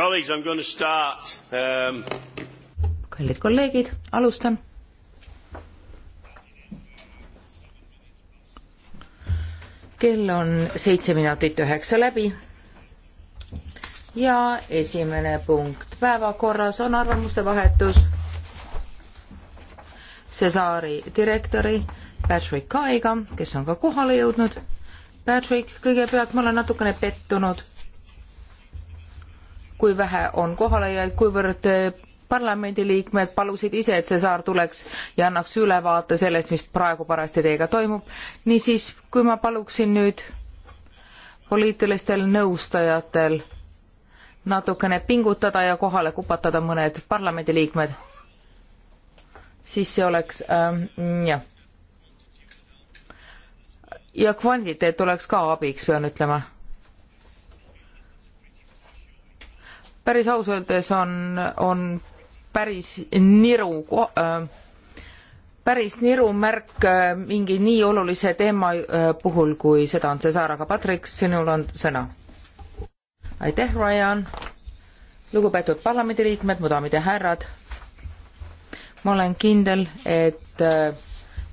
Colleagues, I'm going to start. Um... kallid kolleegid, alustan. kell on seitse minutit üheksa läbi. ja esimene punkt päevakorras on arvamuste vahetus Cesari direktori Patrick Kaiga, kes on ka kohale jõudnud. Patrick, kõigepealt ma olen natukene pettunud kui vähe on kohalejaid, kuivõrd äh, parlamendiliikmed palusid ise, et see saar tuleks ja annaks ülevaate sellest, mis praegu parajasti teiega toimub. niisiis, kui ma paluksin nüüd poliitilistel nõustajatel natukene pingutada ja kohale kupatada mõned parlamendiliikmed, siis see oleks ähm,, jah. ja kvantiteet oleks ka abiks, pean ütlema päris aus öeldes on, on päris niru äh, päris niru märk äh, mingi nii olulise teema äh, puhul, kui seda on Cesar, aga Patrick, sinul on sõna. aitäh, Ryan. lugupeetud parlamendiliikmed, mu daamid ja härrad. ma olen kindel, et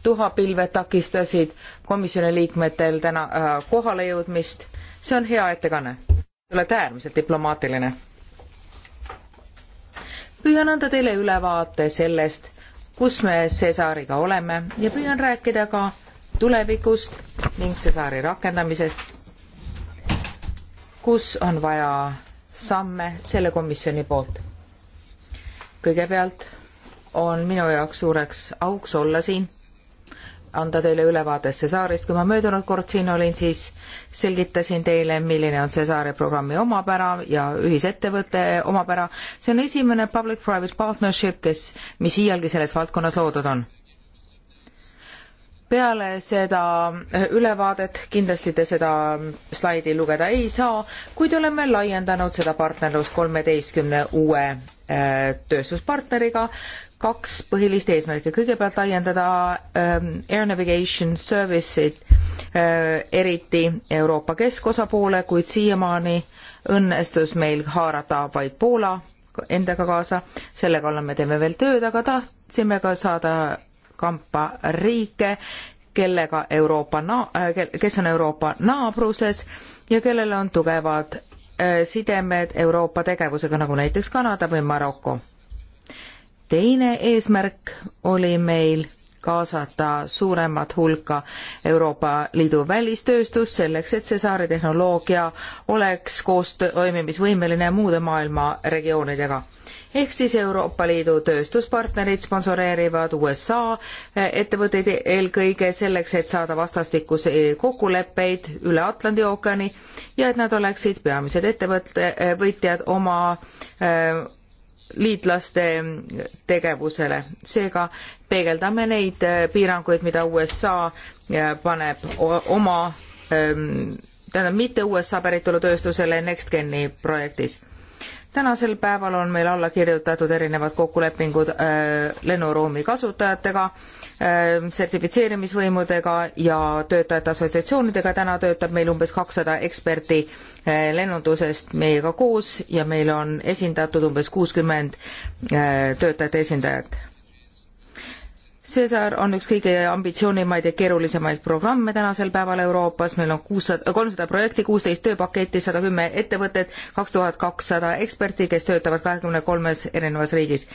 tuhapilved takistasid komisjoni liikmetel täna kohale jõudmist. see on hea ettekanne. Te olete äärmiselt diplomaatiline püüan anda teile ülevaate sellest, kus me Cesariga oleme ja püüan rääkida ka tulevikust ning Cesari rakendamisest, kus on vaja samme selle komisjoni poolt. kõigepealt on minu jaoks suureks auks olla siin anda teile ülevaade Cesaarist. kui ma möödunud kord siin olin, siis selgitasin teile, milline on Cesaari programmi omapära ja ühisettevõtte omapära. see on esimene public-private partnership, kes, mis iialgi selles valdkonnas loodud on. peale seda ülevaadet kindlasti te seda slaidi lugeda ei saa, kuid oleme laiendanud seda partnerlust kolmeteistkümne uue äh, tööstuspartneriga kaks põhilist eesmärki. kõigepealt laiendada ähm, Air Navigation Service'id äh, eriti Euroopa keskosa poole, kuid siiamaani õnnestus meil haarata vaid Poola endaga kaasa, sellega oleme, teeme veel tööd, aga tahtsime ka saada kampa riike, kellega Euroopa na-, äh, kes on Euroopa naabruses ja kellel on tugevad äh, sidemed Euroopa tegevusega, nagu näiteks Kanada või Maroko teine eesmärk oli meil kaasata suuremat hulka Euroopa Liidu välistööstust selleks, et see saaretehnoloogia oleks koos toimimisvõimeline muude maailma regioonidega. ehk siis Euroopa Liidu tööstuspartnerid sponsoreerivad USA eh, ettevõtteid eelkõige selleks, et saada vastastikus kokkuleppeid üle Atlandi ookeani ja et nad oleksid peamised ettevõtte, võitjad oma öö, eh, liitlaste tegevusele. seega peegeldame neid äh, piiranguid, mida USA äh, paneb oma, ähm, tähendab mitte USA päritolu tööstusele NextGeni projektis tänasel päeval on meil alla kirjutatud erinevad kokkulepingud äh, lennuruumi kasutajatega, äh, sertifitseerimisvõimudega ja töötajate assotsiatsioonidega, täna töötab meil umbes kakssada eksperti äh, lennundusest meiega koos ja meil on esindatud umbes kuuskümmend töötajate esindajat Cesar on üks kõige ambitsioonimaid ja keerulisemaid programme tänasel päeval Euroopas, meil on kuussada, kolmsada projekti, kuusteist tööpaketti, sada kümme ettevõtet, kaks tuhat kakssada eksperti, kes töötavad kahekümne kolmes erinevas riigis.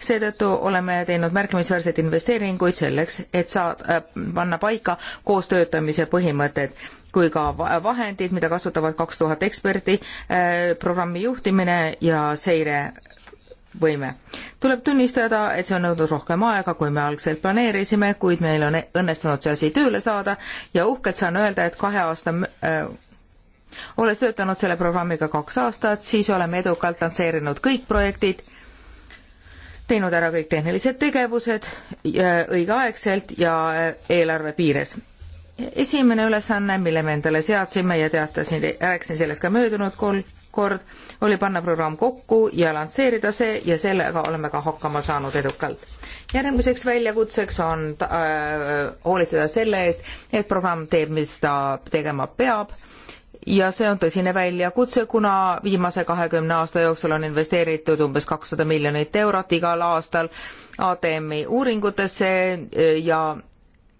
seetõttu oleme teinud märkimisväärseid investeeringuid selleks, et saa- äh,, panna paika koostöötamise põhimõtted kui ka vahendid, mida kasutavad kaks tuhat eksperti äh,, programmi juhtimine ja seire võime. tuleb tunnistada, et see on nõudnud rohkem aega, kui me algselt planeerisime, kuid meil on õnnestunud see asi tööle saada ja uhkelt saan öelda, et kahe aasta äh, olles töötanud selle programmiga kaks aastat, siis oleme edukalt lansseerinud kõik projektid, teinud ära kõik tehnilised tegevused äh, õigeaegselt ja äh, eelarve piires esimene ülesanne, mille me endale seadsime ja teatasin, rääkisin sellest ka möödunud kol-, kord oli panna programm kokku ja lansseerida see ja sellega oleme ka hakkama saanud edukalt. järgmiseks väljakutseks on äh, hoolitseda selle eest, et programm teeb, mis ta tegema peab ja see on tõsine väljakutse, kuna viimase kahekümne aasta jooksul on investeeritud umbes kakssada miljonit eurot igal aastal ATM-i uuringutesse äh, ja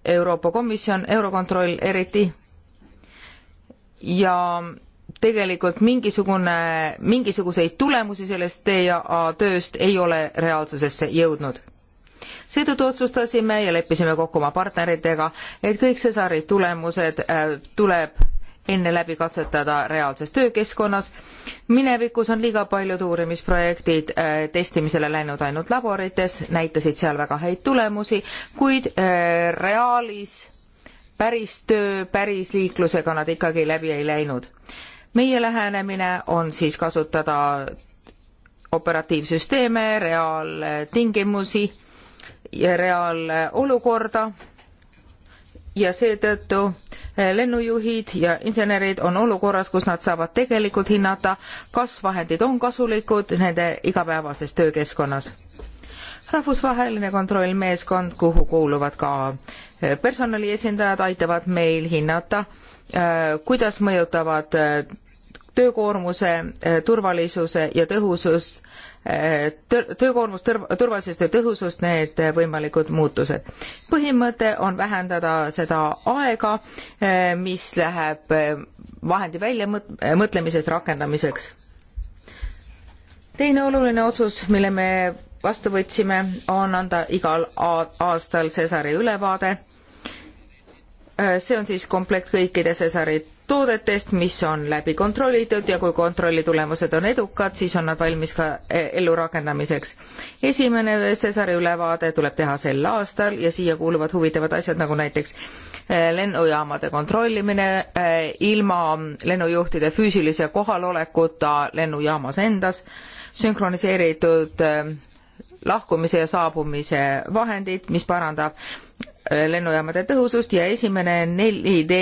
Euroopa Komisjon, Eurokontroll eriti ja tegelikult mingisugune, mingisuguseid tulemusi sellest DA tööst ei ole reaalsusesse jõudnud. seetõttu otsustasime ja leppisime kokku oma partneritega, et kõik Cesari tulemused äh, tuleb enne läbi katsetada reaalses töökeskkonnas. minevikus on liiga paljud uurimisprojektid äh, testimisele läinud ainult laborites, näitasid seal väga häid tulemusi, kuid äh, reaalis päris töö, päris liiklusega nad ikkagi läbi ei läinud meie lähenemine on siis kasutada operatiivsüsteeme, reaaltingimusi ja reaalolukorda ja seetõttu eh, lennujuhid ja insenerid on olukorras, kus nad saavad tegelikult hinnata, kas vahendid on kasulikud nende igapäevases töökeskkonnas. rahvusvaheline kontrollmeeskond, kuhu kuuluvad ka eh, personali esindajad, aitavad meil hinnata, Äh, kuidas mõjutavad äh, töökoormuse, äh, turvalisuse ja tõhusust töökoormust, turvalisust ja tõhusust need võimalikud muutused. põhimõte on vähendada seda aega, mis läheb vahendi väljamõtlemisest rakendamiseks. teine oluline otsus, mille me vastu võtsime, on anda igal aastal Cesari ülevaade Äh, see on siis komplekt kõikide Cesari toodetest, mis on läbi kontrollitud ja kui kontrolli tulemused on edukad, siis on nad valmis ka äh, ellurakendamiseks. esimene Cesari ülevaade tuleb teha sel aastal ja siia kuuluvad huvitavad asjad, nagu näiteks äh, lennujaamade kontrollimine ilma lennujuhtide füüsilise kohalolekuta lennujaamas endas, sünkroniseeritud lahkumise ja saabumise vahendid, mis parandab lennujaamade tõhusust ja esimene 4D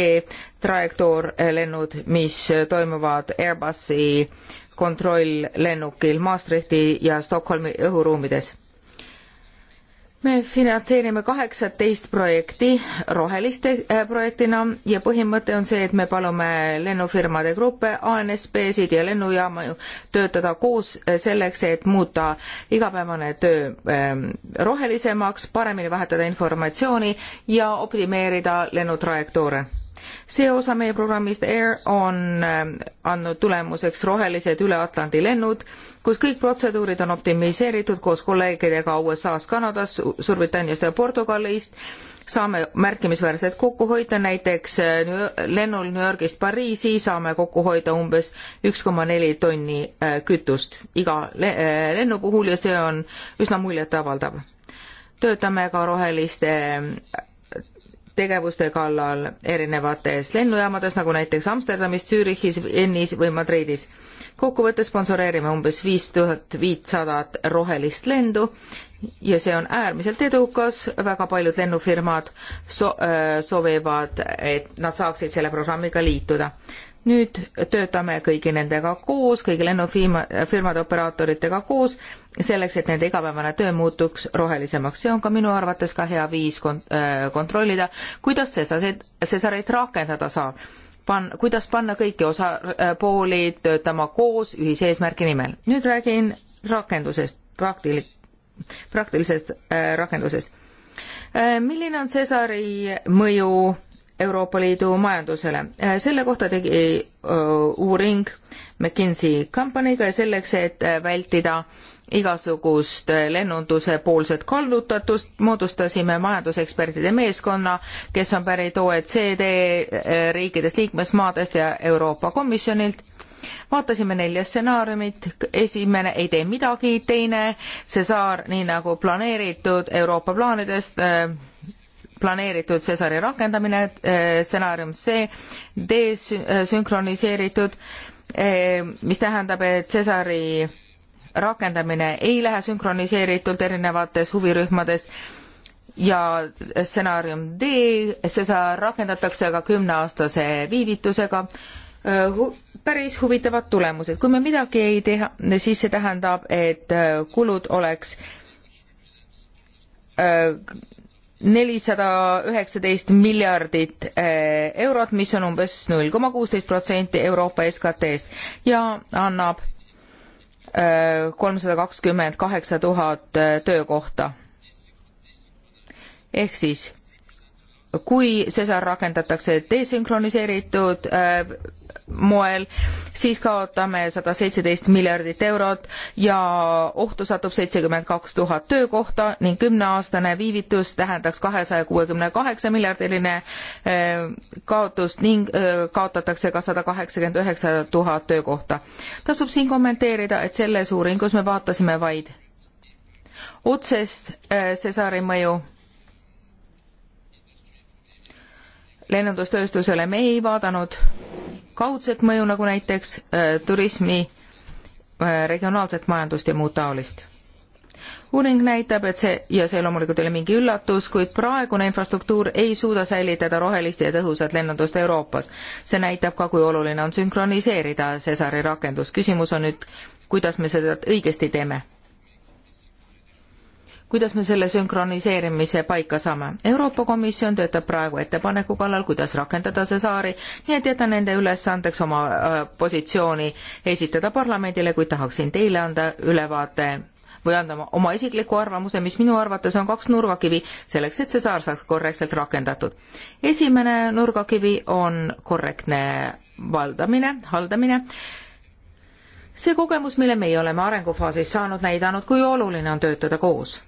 trajektoorlennud, mis toimuvad Airbusi kontrolllennukil Maastrichti ja Stockholmi õhuruumides me finantseerime kaheksateist projekti roheliste äh, projektina ja põhimõte on see, et me palume lennufirmade gruppe, ANSP-sid ja lennujaamu töötada koos äh, selleks, et muuta igapäevane töö ähm, rohelisemaks, paremini vahetada informatsiooni ja optimeerida lennutrajektoore see osa meie programmist AIR on ähm, andnud tulemuseks rohelised üle-Atlandi lennud, kus kõik protseduurid on optimiseeritud koos kolleegidega USA-s, Kanadas, Suurbritanniast ja Portugalist. saame märkimisväärselt kokku hoida, näiteks äh, lennul New Yorgist Pariisi saame kokku hoida umbes üks koma neli tonni äh, kütust iga äh, lennu puhul ja see on üsna muljetavaldav töötame ka roheliste tegevuste kallal erinevates lennujaamades, nagu näiteks Amsterdamis, Zürichis, Ennis või Madridis. kokkuvõttes sponsoreerime umbes viis tuhat viitsadat rohelist lendu ja see on äärmiselt edukas, väga paljud lennufirmad so-, äh, soovivad, et nad saaksid selle programmiga liituda nüüd töötame kõigi nendega koos, kõigi lennufirmade operaatoritega koos, selleks, et nende igapäevane töö muutuks rohelisemaks. see on ka minu arvates ka hea viis kont-, äh, kontrollida, kuidas sesaseid, sesareid rakendada saab. Pan-, kuidas panna kõiki osapooli äh, töötama koos ühise eesmärgi nimel. nüüd räägin rakendusest, praktil-, praktilisest äh, rakendusest äh,. milline on sesari mõju Euroopa Liidu majandusele. Äh, selle kohta tegi äh, uuring McKinsey Company'ga ja selleks, et äh, vältida igasugust lennunduse poolset kallutatust, moodustasime majandusekspertide meeskonna, kes on pärit OECD riikidest, liikmesmaadest ja Euroopa Komisjonilt vaatasime nelja stsenaariumit, esimene ei tee midagi, teine see saar, nii nagu planeeritud Euroopa plaanidest äh,, planeeritud Cesari rakendamine, eh, stsenaarium C desünkroniseeritud, eh, eh, mis tähendab, et Cesari rakendamine ei lähe sünkroniseeritult erinevates huvirühmades ja stsenaarium D, Cesar rakendatakse aga kümneaastase viivitusega hu-, päris huvitavad tulemused. kui me midagi ei teha, siis see tähendab, et kulud oleks nelisada üheksateist miljardit eh, eurot, mis on umbes null koma kuusteist protsenti Euroopa SKT-st ja annab eh, kolmsada kakskümmend kaheksa tuhat eh, töökohta. ehk siis kui Cesar rakendatakse desünkroniseeritud äh, moel, siis kaotame sada seitseteist miljardit eurot ja ohtu satub seitsekümmend kaks tuhat töökohta ning kümneaastane viivitus tähendaks kahesaja kuuekümne kaheksa miljardiline äh, kaotust ning äh, kaotatakse ka sada kaheksakümmend üheksa tuhat töökohta. tasub siin kommenteerida, et selles uuringus me vaatasime vaid otsest äh, Cesari mõju lennundustööstusele, me ei vaadanud kaudset mõju, nagu näiteks äh, turismi äh, regionaalset majandust ja muud taolist. uuring näitab, et see, ja see loomulikult ei ole mingi üllatus, kuid praegune infrastruktuur ei suuda säilitada rohelist ja tõhusat lennundust Euroopas. see näitab ka, kui oluline on sünkroniseerida Cesari rakendus. küsimus on nüüd, kuidas me seda õigesti teeme kuidas me selle sünkroniseerimise paika saame. Euroopa Komisjon töötab praegu ettepaneku kallal, kuidas rakendada see saari, nii et jätan nende ülesandeks oma äh, positsiooni esitada parlamendile, kuid tahaksin teile anda ülevaate või anda oma isikliku arvamuse, mis minu arvates on kaks nurgakivi selleks, et see saar saaks korrektselt rakendatud. esimene nurgakivi on korrektne valdamine, haldamine see kogemus, mille meie oleme arengufaasis saanud, näidanud, kui oluline on töötada koos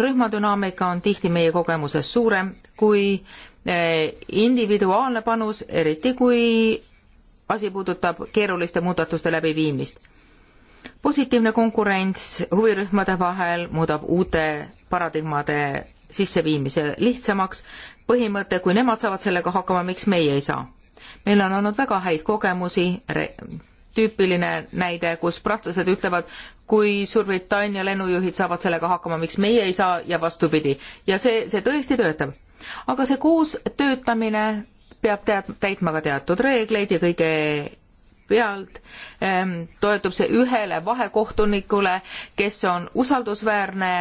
rühmadünaamika on tihti meie kogemuses suurem kui eh, individuaalne panus, eriti kui asi puudutab keeruliste muudatuste läbiviimist. positiivne konkurents huvirühmade vahel muudab uute paradigmade sisseviimise lihtsamaks, põhimõte, kui nemad saavad sellega hakkama, miks meie ei saa. meil on olnud väga häid kogemusi tüüpiline näide, kus prantslased ütlevad, kui Suurbritannia lennujuhid saavad sellega hakkama, miks meie ei saa ja vastupidi. ja see, see tõesti töötab. aga see koos töötamine peab tead-, täitma ka teatud reegleid ja kõige pealt ähm, toetub see ühele vahekohtunikule, kes on usaldusväärne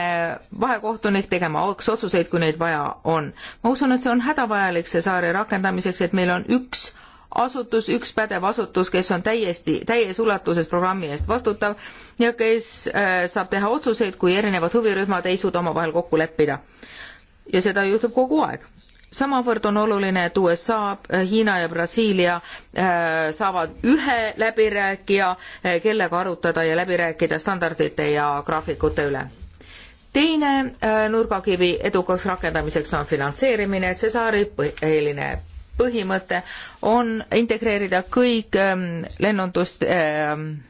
vahekohtunik tegema otsuseid, kui neid vaja on. ma usun, et see on hädavajalik see saare rakendamiseks, et meil on üks asutus, üks pädev asutus, kes on täiesti, täies ulatuses programmi eest vastutav ja kes äh, saab teha otsuseid, kui erinevad huvirühmad ei suuda omavahel kokku leppida. ja seda juhtub kogu aeg. samavõrd on oluline, et USA, äh, Hiina ja Brasiilia äh, saavad ühe läbirääkija, äh, kellega arutada ja läbi rääkida standardite ja graafikute üle teine äh, nurgakivi edukaks rakendamiseks on finantseerimine, et see saari põhiline põhimõte on integreerida kõik ähm, lennundust ähm,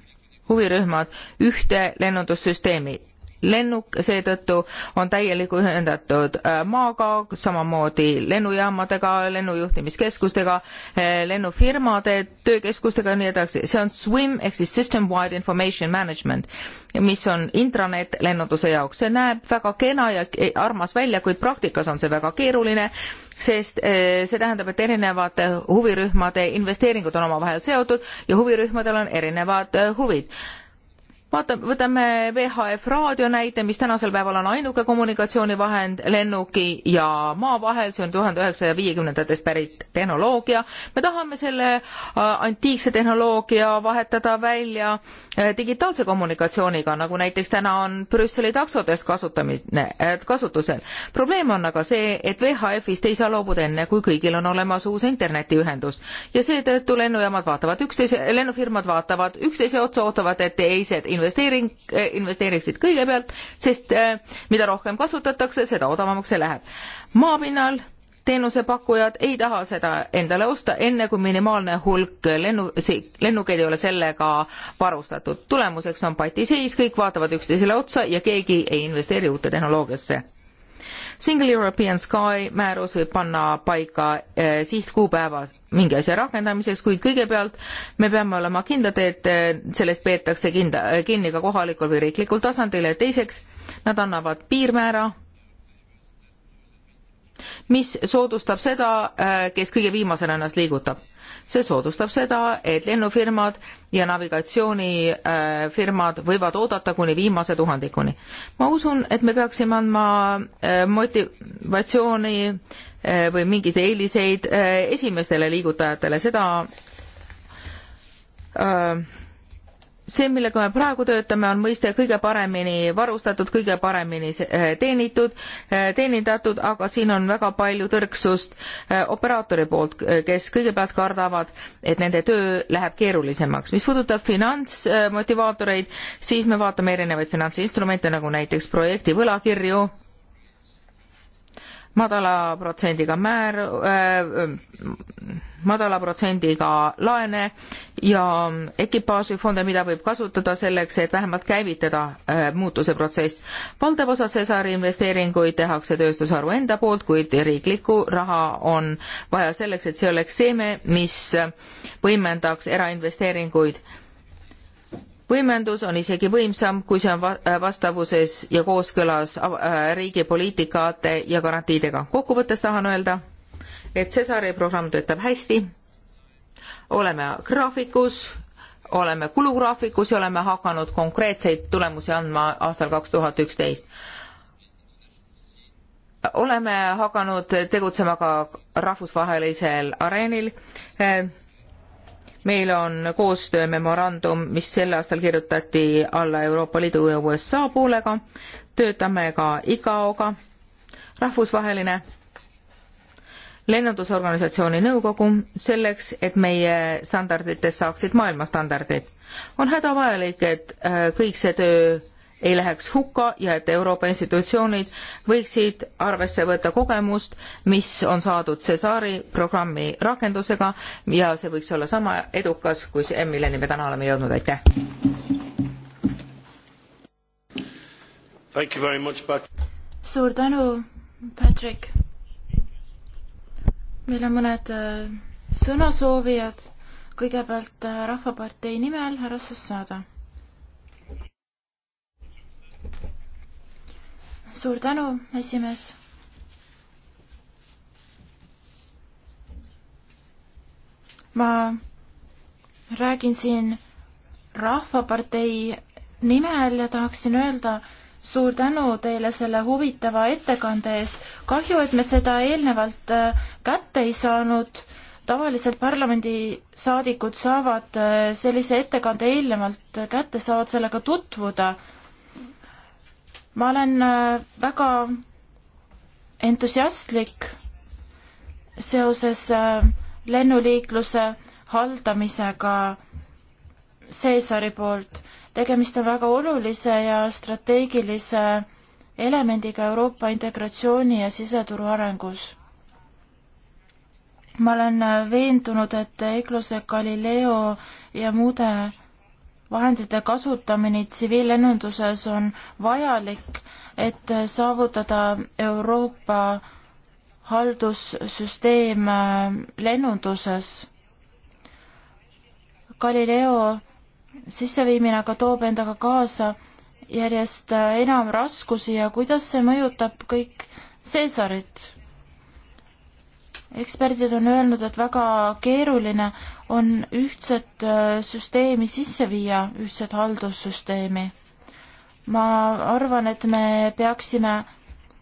huvirühmad ühte lennundussüsteemi lennuk seetõttu on täielikult ühendatud äh, maaga, samamoodi lennujaamadega, lennujuhtimiskeskustega, äh, lennufirmade töökeskustega ja nii edasi. see on SWIM ehk siis System Wide Information Management, mis on intranet lennunduse jaoks. see näeb väga kena ja armas välja, kuid praktikas on see väga keeruline sest eh, see tähendab, et erinevate eh, huvirühmade investeeringud on omavahel seotud ja huvirühmadel on erinevad eh, huvid vaata, võtame VHF raadio näite, mis tänasel päeval on ainuke kommunikatsioonivahend lennuki ja maa vahel, see on tuhande üheksasaja viiekümnendatest pärit tehnoloogia. me tahame selle äh, antiikse tehnoloogia vahetada välja äh, digitaalse kommunikatsiooniga, nagu näiteks täna on Brüsseli taksodes kasutamine, äh, kasutusel. probleem on aga see, et VHF-ist ei saa loobuda enne, kui kõigil on olemas uus internetiühendus ja seetõttu lennujaamad vaatavad üksteise, lennufirmad vaatavad üksteise otsa, ootavad, et teised investeering, investeeriksid kõigepealt, sest äh, mida rohkem kasutatakse, seda odavamaks see läheb. maapinnal teenusepakkujad ei taha seda endale osta, enne kui minimaalne hulk lennu, lennukeid ei ole sellega varustatud. tulemuseks on patiseis, kõik vaatavad üksteisele otsa ja keegi ei investeeri uute tehnoloogiasse Single European Sky määrus võib panna paika eh, sihtkuupäeva mingi asja rakendamiseks, kuid kõigepealt me peame olema kindlad, et eh, sellest peetakse kinda, eh, kinni ka kohalikul või riiklikul tasandil ja teiseks nad annavad piirmäära, mis soodustab seda, kes kõige viimasena ennast liigutab see soodustab seda, et lennufirmad ja navigatsioonifirmad võivad oodata kuni viimase tuhandikuni. ma usun, et me peaksime andma eh, motivatsiooni eh, või mingeid eeliseid eh, esimestele liigutajatele, seda see, millega me praegu töötame, on mõiste kõige paremini varustatud, kõige paremini eh, teenitud, eh, teenindatud, aga siin on väga palju tõrksust eh, operaatori poolt, kes kõigepealt kardavad, et nende töö läheb keerulisemaks. mis puudutab finantsmotivaatoreid, siis me vaatame erinevaid finantsinstrumente, nagu näiteks projekti võlakirju madala protsendiga määr äh,, madala protsendiga laene ja ekipaažifonde, mida võib kasutada selleks, et vähemalt käivitada äh, muutuse protsess. valdav osa Cesari investeeringuid tehakse tööstusharu enda poolt, kuid riiklikku raha on vaja selleks, et see oleks seeme, mis võimendaks erainvesteeringuid äh, võimendus on isegi võimsam, kui see on äh, vastavuses ja kooskõlas äh, riigi poliitikate ja garantiidega. kokkuvõttes tahan öelda, et Cesari programm töötab hästi, oleme graafikus, oleme kulugraafikus ja oleme hakanud konkreetseid tulemusi andma aastal kaks tuhat üksteist oleme hakanud tegutsema ka rahvusvahelisel areenil äh, meil on koostöömemorandum, mis sel aastal kirjutati alla Euroopa Liidu ja USA poolega, töötame ka ICAO-ga, rahvusvaheline lennundusorganisatsiooni nõukogu selleks, et meie standarditest saaksid maailmastandardid. on hädavajalik, et äh, kõik see töö ei läheks hukka ja et Euroopa institutsioonid võiksid arvesse võtta kogemust, mis on saadud Cesari programmi rakendusega ja see võiks olla sama edukas kui see, milleni me täna oleme jõudnud, aitäh! suur tänu, Patrick! meil on mõned äh, sõnasoovijad, kõigepealt äh, Rahvapartei nimel härra Sassada suur tänu, esimees. ma räägin siin Rahvapartei nimel ja tahaksin öelda suur tänu teile selle huvitava ettekande eest. kahju, et me seda eelnevalt äh, kätte ei saanud. tavaliselt parlamendisaadikud saavad äh, sellise ettekande eelnevalt äh, kätte, saavad sellega tutvuda ma olen äh, väga entusiastlik seoses äh, lennuliikluse haldamisega Seesari poolt. tegemist on väga olulise ja strateegilise elemendiga Euroopa integratsiooni ja siseturu arengus. ma olen äh, veendunud, et EGLOS-e Galileo ja muude vahendite kasutamine tsiviillennunduses on vajalik, et saavutada Euroopa haldussüsteem äh, lennunduses. Galileo sisseviimine aga toob endaga kaasa järjest äh, enam raskusi ja kuidas see mõjutab kõik Caesarit? eksperdid on öelnud, et väga keeruline on ühtset äh, süsteemi sisse viia, ühtset haldussüsteemi. ma arvan, et me peaksime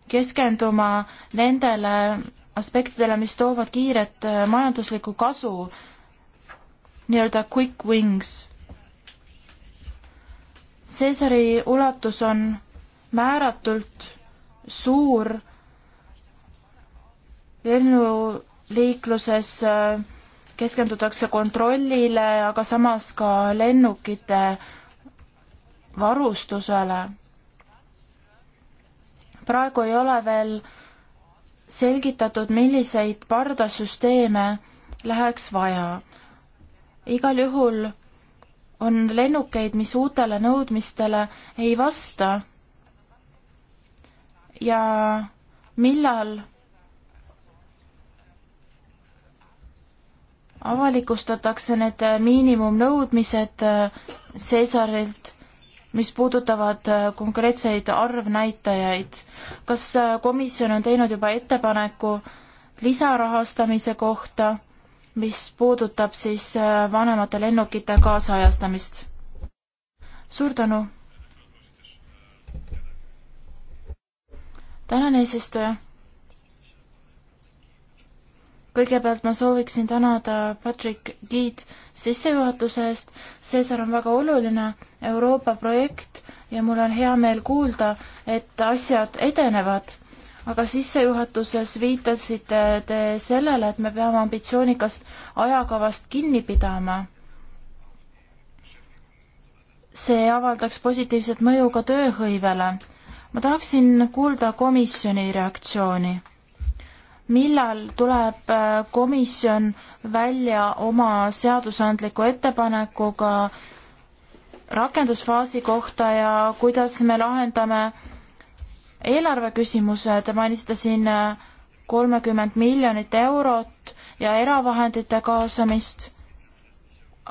keskenduma nendele aspektidele, mis toovad kiiret äh, majanduslikku kasu, nii-öelda quick wings. Caesari ulatus on määratult suur lennuliikluses äh, keskendutakse kontrollile, aga samas ka lennukite varustusele. praegu ei ole veel selgitatud, milliseid pardasüsteeme läheks vaja. igal juhul on lennukeid, mis uutele nõudmistele ei vasta. ja millal avalikustatakse need äh, miinimumnõudmised äh, Cäsarilt, mis puudutavad äh, konkreetseid arvnäitajaid. kas komisjon on teinud juba ettepaneku lisarahastamise kohta, mis puudutab siis vanemate lennukite kaasajastamist? suur tänu! tänan, eesistuja kõigepealt ma sooviksin tänada Patrick Giid sissejuhatuse eest. Cesar on väga oluline Euroopa projekt ja mul on hea meel kuulda, et asjad edenevad. aga sissejuhatuses viitasite te sellele, et me peame ambitsioonikast ajakavast kinni pidama. see avaldaks positiivset mõju ka tööhõivele. ma tahaksin kuulda komisjoni reaktsiooni millal tuleb äh, komisjon välja oma seadusandliku ettepanekuga rakendusfaasi kohta ja kuidas me lahendame eelarve küsimuse, te mainisite siin äh, kolmekümmend miljonit eurot ja eravahendite kaasamist,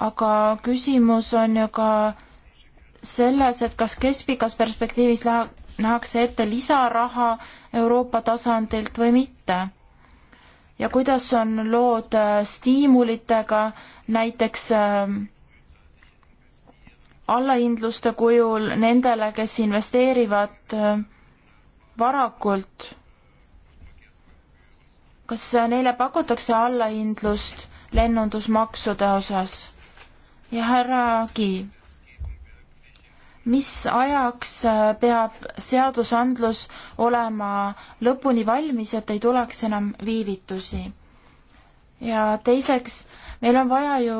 aga küsimus on ju ka selles, et kas keskpikas perspektiivis nähakse ette lisaraha Euroopa tasandilt või mitte ja kuidas on lood äh, stiimulitega, näiteks ähm, allahindluste kujul nendele, kes investeerivad äh, varakult. kas äh, neile pakutakse allahindlust lennundusmaksude osas? ja härra Kiiv mis ajaks äh, peab seadusandlus olema lõpuni valmis, et ei tuleks enam viivitusi? ja teiseks, meil on vaja ju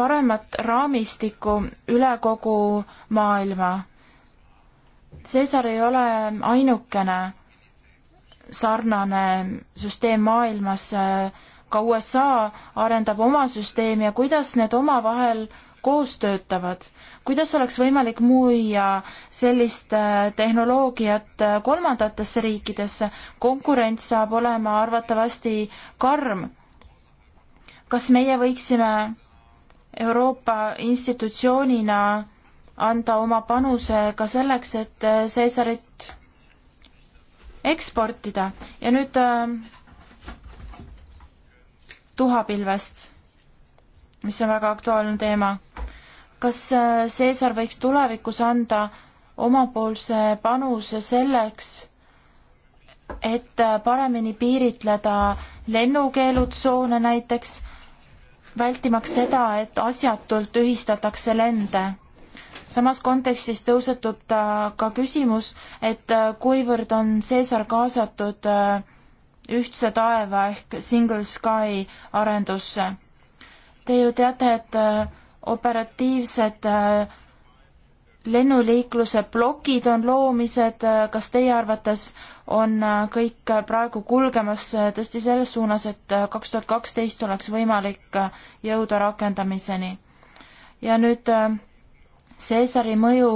paremat raamistikku üle kogu maailma. Cesar ei ole ainukene sarnane süsteem maailmas, äh, ka USA arendab oma süsteemi ja kuidas need omavahel koos töötavad. kuidas oleks võimalik müüa sellist äh, tehnoloogiat äh, kolmandatesse riikidesse, konkurents saab olema arvatavasti karm. kas meie võiksime Euroopa institutsioonina anda oma panuse ka selleks, et äh, Caesarit eksportida ja nüüd tuhapilvest mis on väga aktuaalne teema. kas Cesar äh, võiks tulevikus anda omapoolse panuse selleks, et äh, paremini piiritleda lennukeelutsoone näiteks, vältimaks seda, et asjatult tühistatakse lende. samas kontekstis tõusetub ta ka küsimus, et äh, kuivõrd on Cesar kaasatud ühtse taeva ehk Single Sky arendusse Te ju teate, et äh, operatiivsed äh, lennuliikluse plokid on loomised, äh, kas teie arvates on kõik praegu kulgemas tõesti selles suunas, et kaks tuhat kaksteist oleks võimalik jõuda rakendamiseni? ja nüüd Cäsari mõju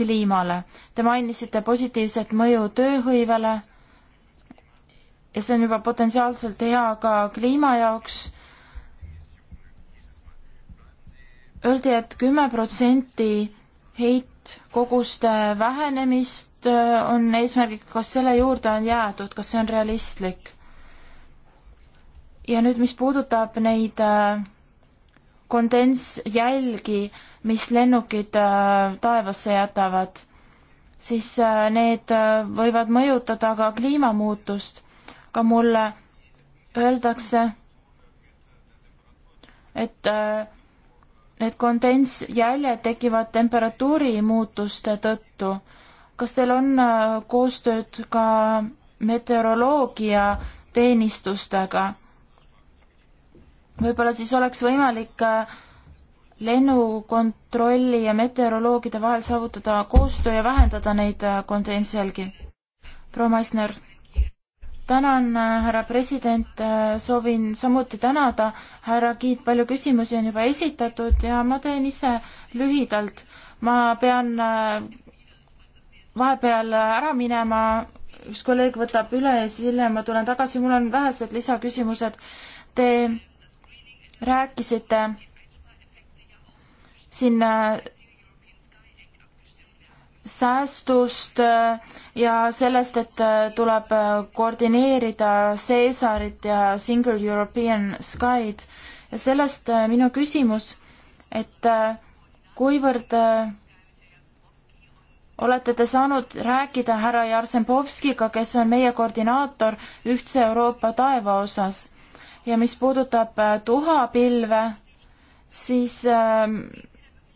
kliimale. Te mainisite positiivset mõju tööhõivele ja see on juba potentsiaalselt hea ka kliima jaoks öeldi et, et kümme protsenti heitkoguste vähenemist äh, on eesmärgiga, kas selle juurde on jäädud, kas see on realistlik? ja nüüd, mis puudutab neid äh, kondensjälgi, mis lennukid äh, taevasse jätavad, siis need võivad mõjutada ka kliimamuutust. aga mulle öeldakse, et äh, Need kondensjäljed tekivad temperatuuri muutuste tõttu. kas teil on äh, koostööd ka meteoroloogiateenistustega? võib-olla siis oleks võimalik äh, lennukontrolli ja meteoroloogide vahel saavutada koostöö ja vähendada neid äh, kondensjälgi. proua Maisner tänan, äh, härra president, äh, soovin samuti tänada, härra Kiit, palju küsimusi on juba esitatud ja ma teen ise lühidalt. ma pean äh, vahepeal ära minema, üks kolleeg võtab üle ja siis hiljem ma tulen tagasi, mul on vähesed lisaküsimused. Te rääkisite siin säästust äh, ja sellest, et äh, tuleb äh, koordineerida Caesarit ja Single European Sky'd ja sellest minu küsimus, et kuivõrd olete te saanud rääkida härra Jarsenbovskiga, kes on meie koordinaator Ühtse Euroopa taeva osas ja mis puudutab tuhapilve, siis ähm,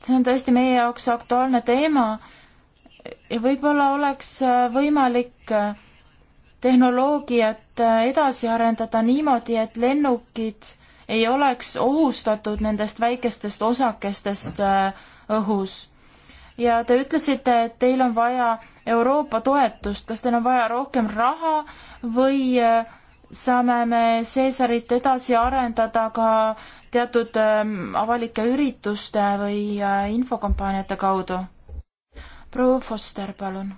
see on tõesti meie jaoks aktuaalne teema ja võib-olla oleks äh, võimalik äh, tehnoloogiat äh, edasi arendada niimoodi, et lennukid ei oleks ohustatud nendest väikestest osakestest õhus. ja te ütlesite, et teil on vaja Euroopa toetust, kas teil on vaja rohkem raha või saame me Caesarit edasi arendada ka teatud ähm, avalike ürituste või infokampaaniate kaudu? proua Foster, palun.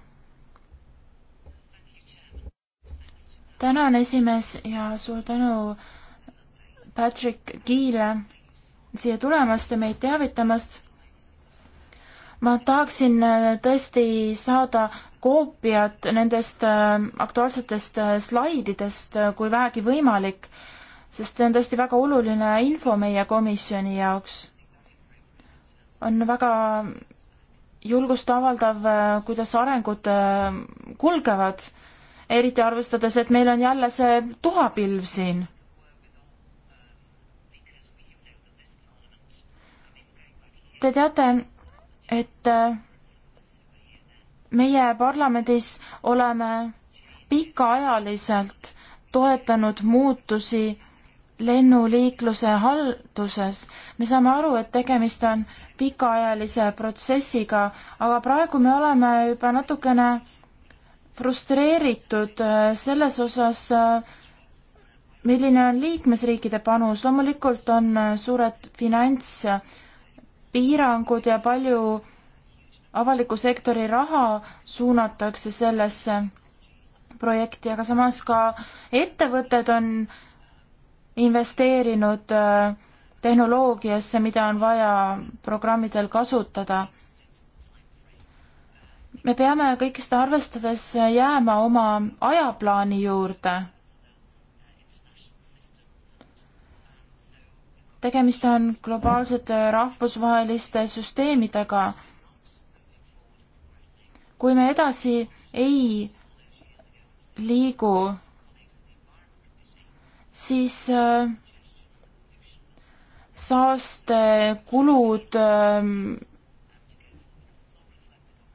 tänan, esimees, ja suur tänu Patrick Kiile siia tulemast ja meid teavitamast. ma tahaksin äh, tõesti saada koopiat nendest äh, aktuaalsetest äh, slaididest, kui vähegi võimalik, sest see on tõesti väga oluline info meie komisjoni jaoks. on väga julgust avaldav, äh, kuidas arengud äh, kulgevad, eriti arvestades, et meil on jälle see tuhapilv siin. Te teate, et äh, meie parlamendis oleme pikaajaliselt toetanud muutusi lennuliikluse halduses. me saame aru, et tegemist on pikaajalise protsessiga, aga praegu me oleme juba natukene frustreeritud äh, selles osas, äh, milline on liikmesriikide panus, loomulikult on äh, suured finantspiirangud ja palju avaliku sektori raha suunatakse sellesse projekti, aga samas ka ettevõtted on investeerinud äh, tehnoloogiasse, mida on vaja programmidel kasutada. me peame kõike seda arvestades jääma oma ajaplaani juurde. tegemist on globaalsete rahvusvaheliste süsteemidega. kui me edasi ei liigu, siis äh, saastekulud ähm,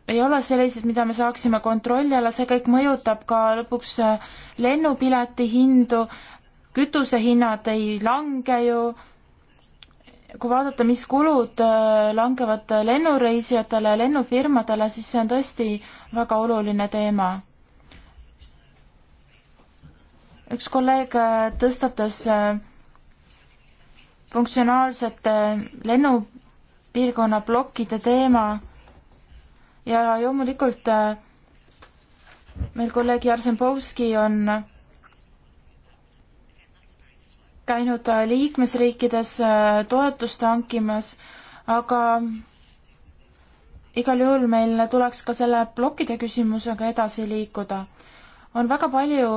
ei ole sellised, mida me saaksime kontrolli alla, see kõik mõjutab ka lõpuks äh, lennupileti hindu, kütusehinnad ei lange ju, kui vaadata, mis kulud äh, langevad lennureisijatele, lennufirmadele, siis see on tõesti väga oluline teema. üks kolleeg äh, tõstatas äh, funktsionaalsete lennupiirkonna plokkide teema ja loomulikult äh, meil kolleeg Jarsenbovski on käinud äh, liikmesriikides äh, toetust hankimas, aga igal juhul meil tuleks ka selle plokkide küsimusega edasi liikuda. on väga palju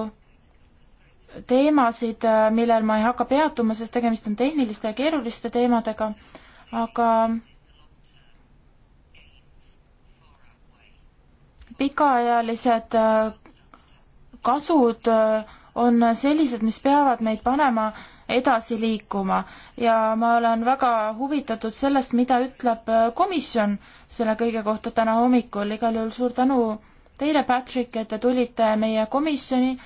teemasid, äh, millel ma ei hakka peatuma, sest tegemist on tehniliste ja keeruliste teemadega, aga pikaajalised äh, kasud äh, on sellised, mis peavad meid panema edasi liikuma ja ma olen väga huvitatud sellest, mida ütleb komisjon selle kõige kohta täna hommikul. igal juhul suur tänu teile, Patrick, et te tulite meie komisjoni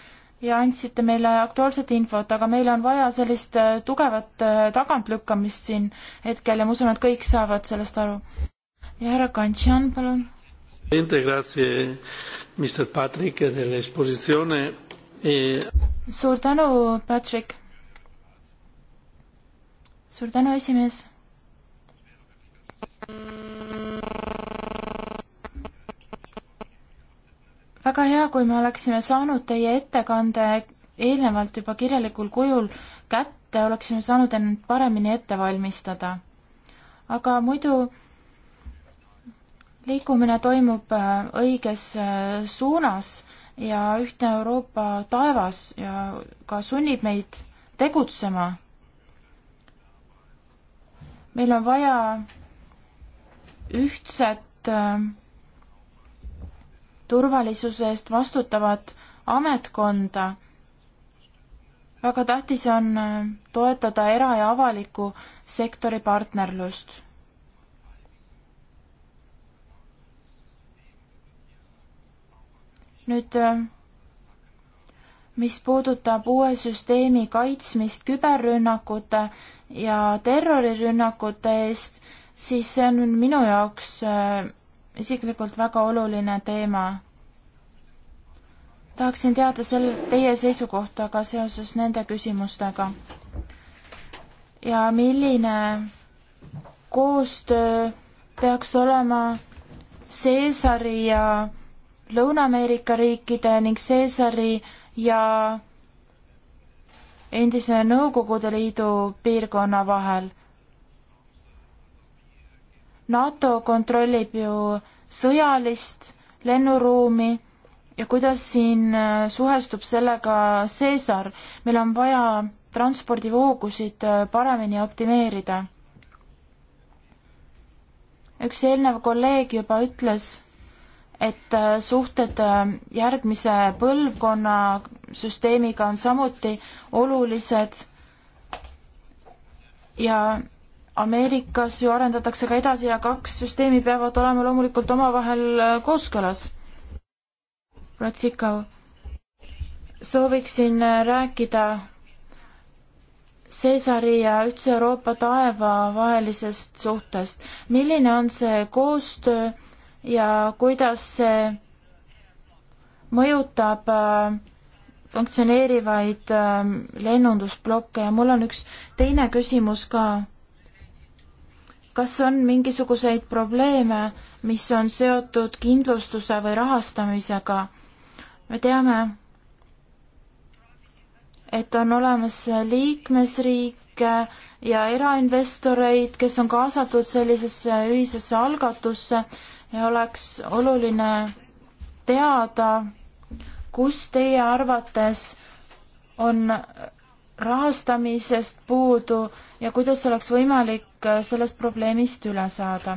ja andsite meile aktuaalset infot, aga meile on vaja sellist äh, tugevat äh, tagantlükkamist siin hetkel ja ma usun, et kõik saavad sellest aru. ja härra Kantšan, palun. E suur tänu, Patrick. suur tänu, esimees. väga hea, kui me oleksime saanud teie ettekande eelnevalt juba kirjalikul kujul kätte, oleksime saanud end paremini ette valmistada. aga muidu liikumine toimub äh, õiges äh, suunas ja ühtne Euroopa taevas ja ka sunnib meid tegutsema. meil on vaja ühtset äh, turvalisuse eest vastutavat ametkonda. väga tähtis on äh, toetada era- ja avaliku sektori partnerlust. nüüd, äh, mis puudutab uue süsteemi kaitsmist küberrünnakute ja terrorirünnakute eest, siis see on minu jaoks äh, isiklikult väga oluline teema. tahaksin teada sel-, teie seisukohta ka seoses nende küsimustega. ja milline koostöö peaks olema Seesari ja Lõuna-Ameerika riikide ning Seesari ja endise Nõukogude Liidu piirkonna vahel NATO kontrollib ju sõjalist lennuruumi ja kuidas siin äh, suhestub sellega Caesar, meil on vaja transpordivoogusid äh, paremini optimeerida. üks eelnev kolleeg juba ütles, et äh, suhted järgmise põlvkonna süsteemiga on samuti olulised ja Ameerikas ju arendatakse ka edasi ja kaks süsteemi peavad olema loomulikult omavahel äh, kooskõlas. Ratsikau, sooviksin äh, rääkida Seesari ja üldse Euroopa taeva vahelisest suhtest. milline on see koostöö ja kuidas see mõjutab äh, funktsioneerivaid lennundusblokke ja mul on üks teine küsimus ka kas on mingisuguseid probleeme, mis on seotud kindlustuse või rahastamisega? me teame, et on olemas liikmesriike ja erainvestoreid, kes on kaasatud sellisesse ühisesse algatusse ja oleks oluline teada, kus teie arvates on rahastamisest puudu ja kuidas oleks võimalik sellest probleemist üle saada.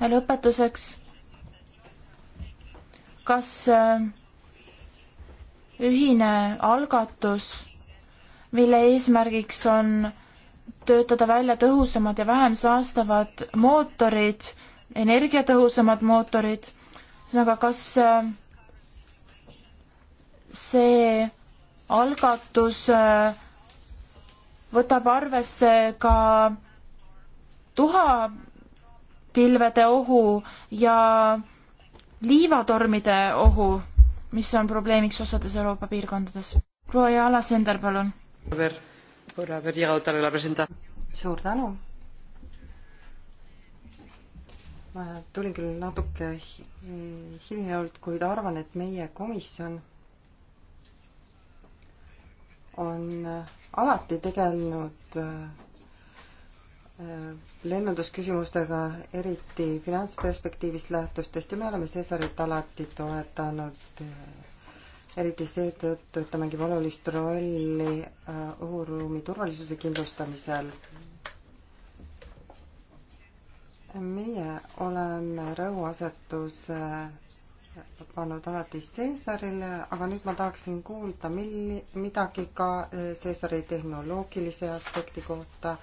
ja lõpetuseks, kas äh, ühine algatus, mille eesmärgiks on töötada välja tõhusamad ja vähem saastavad mootorid, energiatõhusamad mootorid, ühesõnaga, kas äh, see algatus äh, võtab arvesse ka tuhapilvede ohu ja liivatormide ohu, mis on probleemiks osades Euroopa piirkondades. proua Jaala Sender, palun. suur tänu. ma tulin küll natuke hilinenult, kuid arvan, et meie komisjon on alati tegelenud äh, Äh, lennundusküsimustega, eriti finantsperspektiivist lähtustest ja me oleme Cesarit alati toetanud, äh, eriti seetõttu, et ta mängib olulist rolli äh, õhuruumi turvalisuse kindlustamisel. meie oleme rõhuasetuse pannud alati Caesarile, aga nüüd ma tahaksin kuulda, milli-, midagi ka Caesari tehnoloogilise aspekti kohta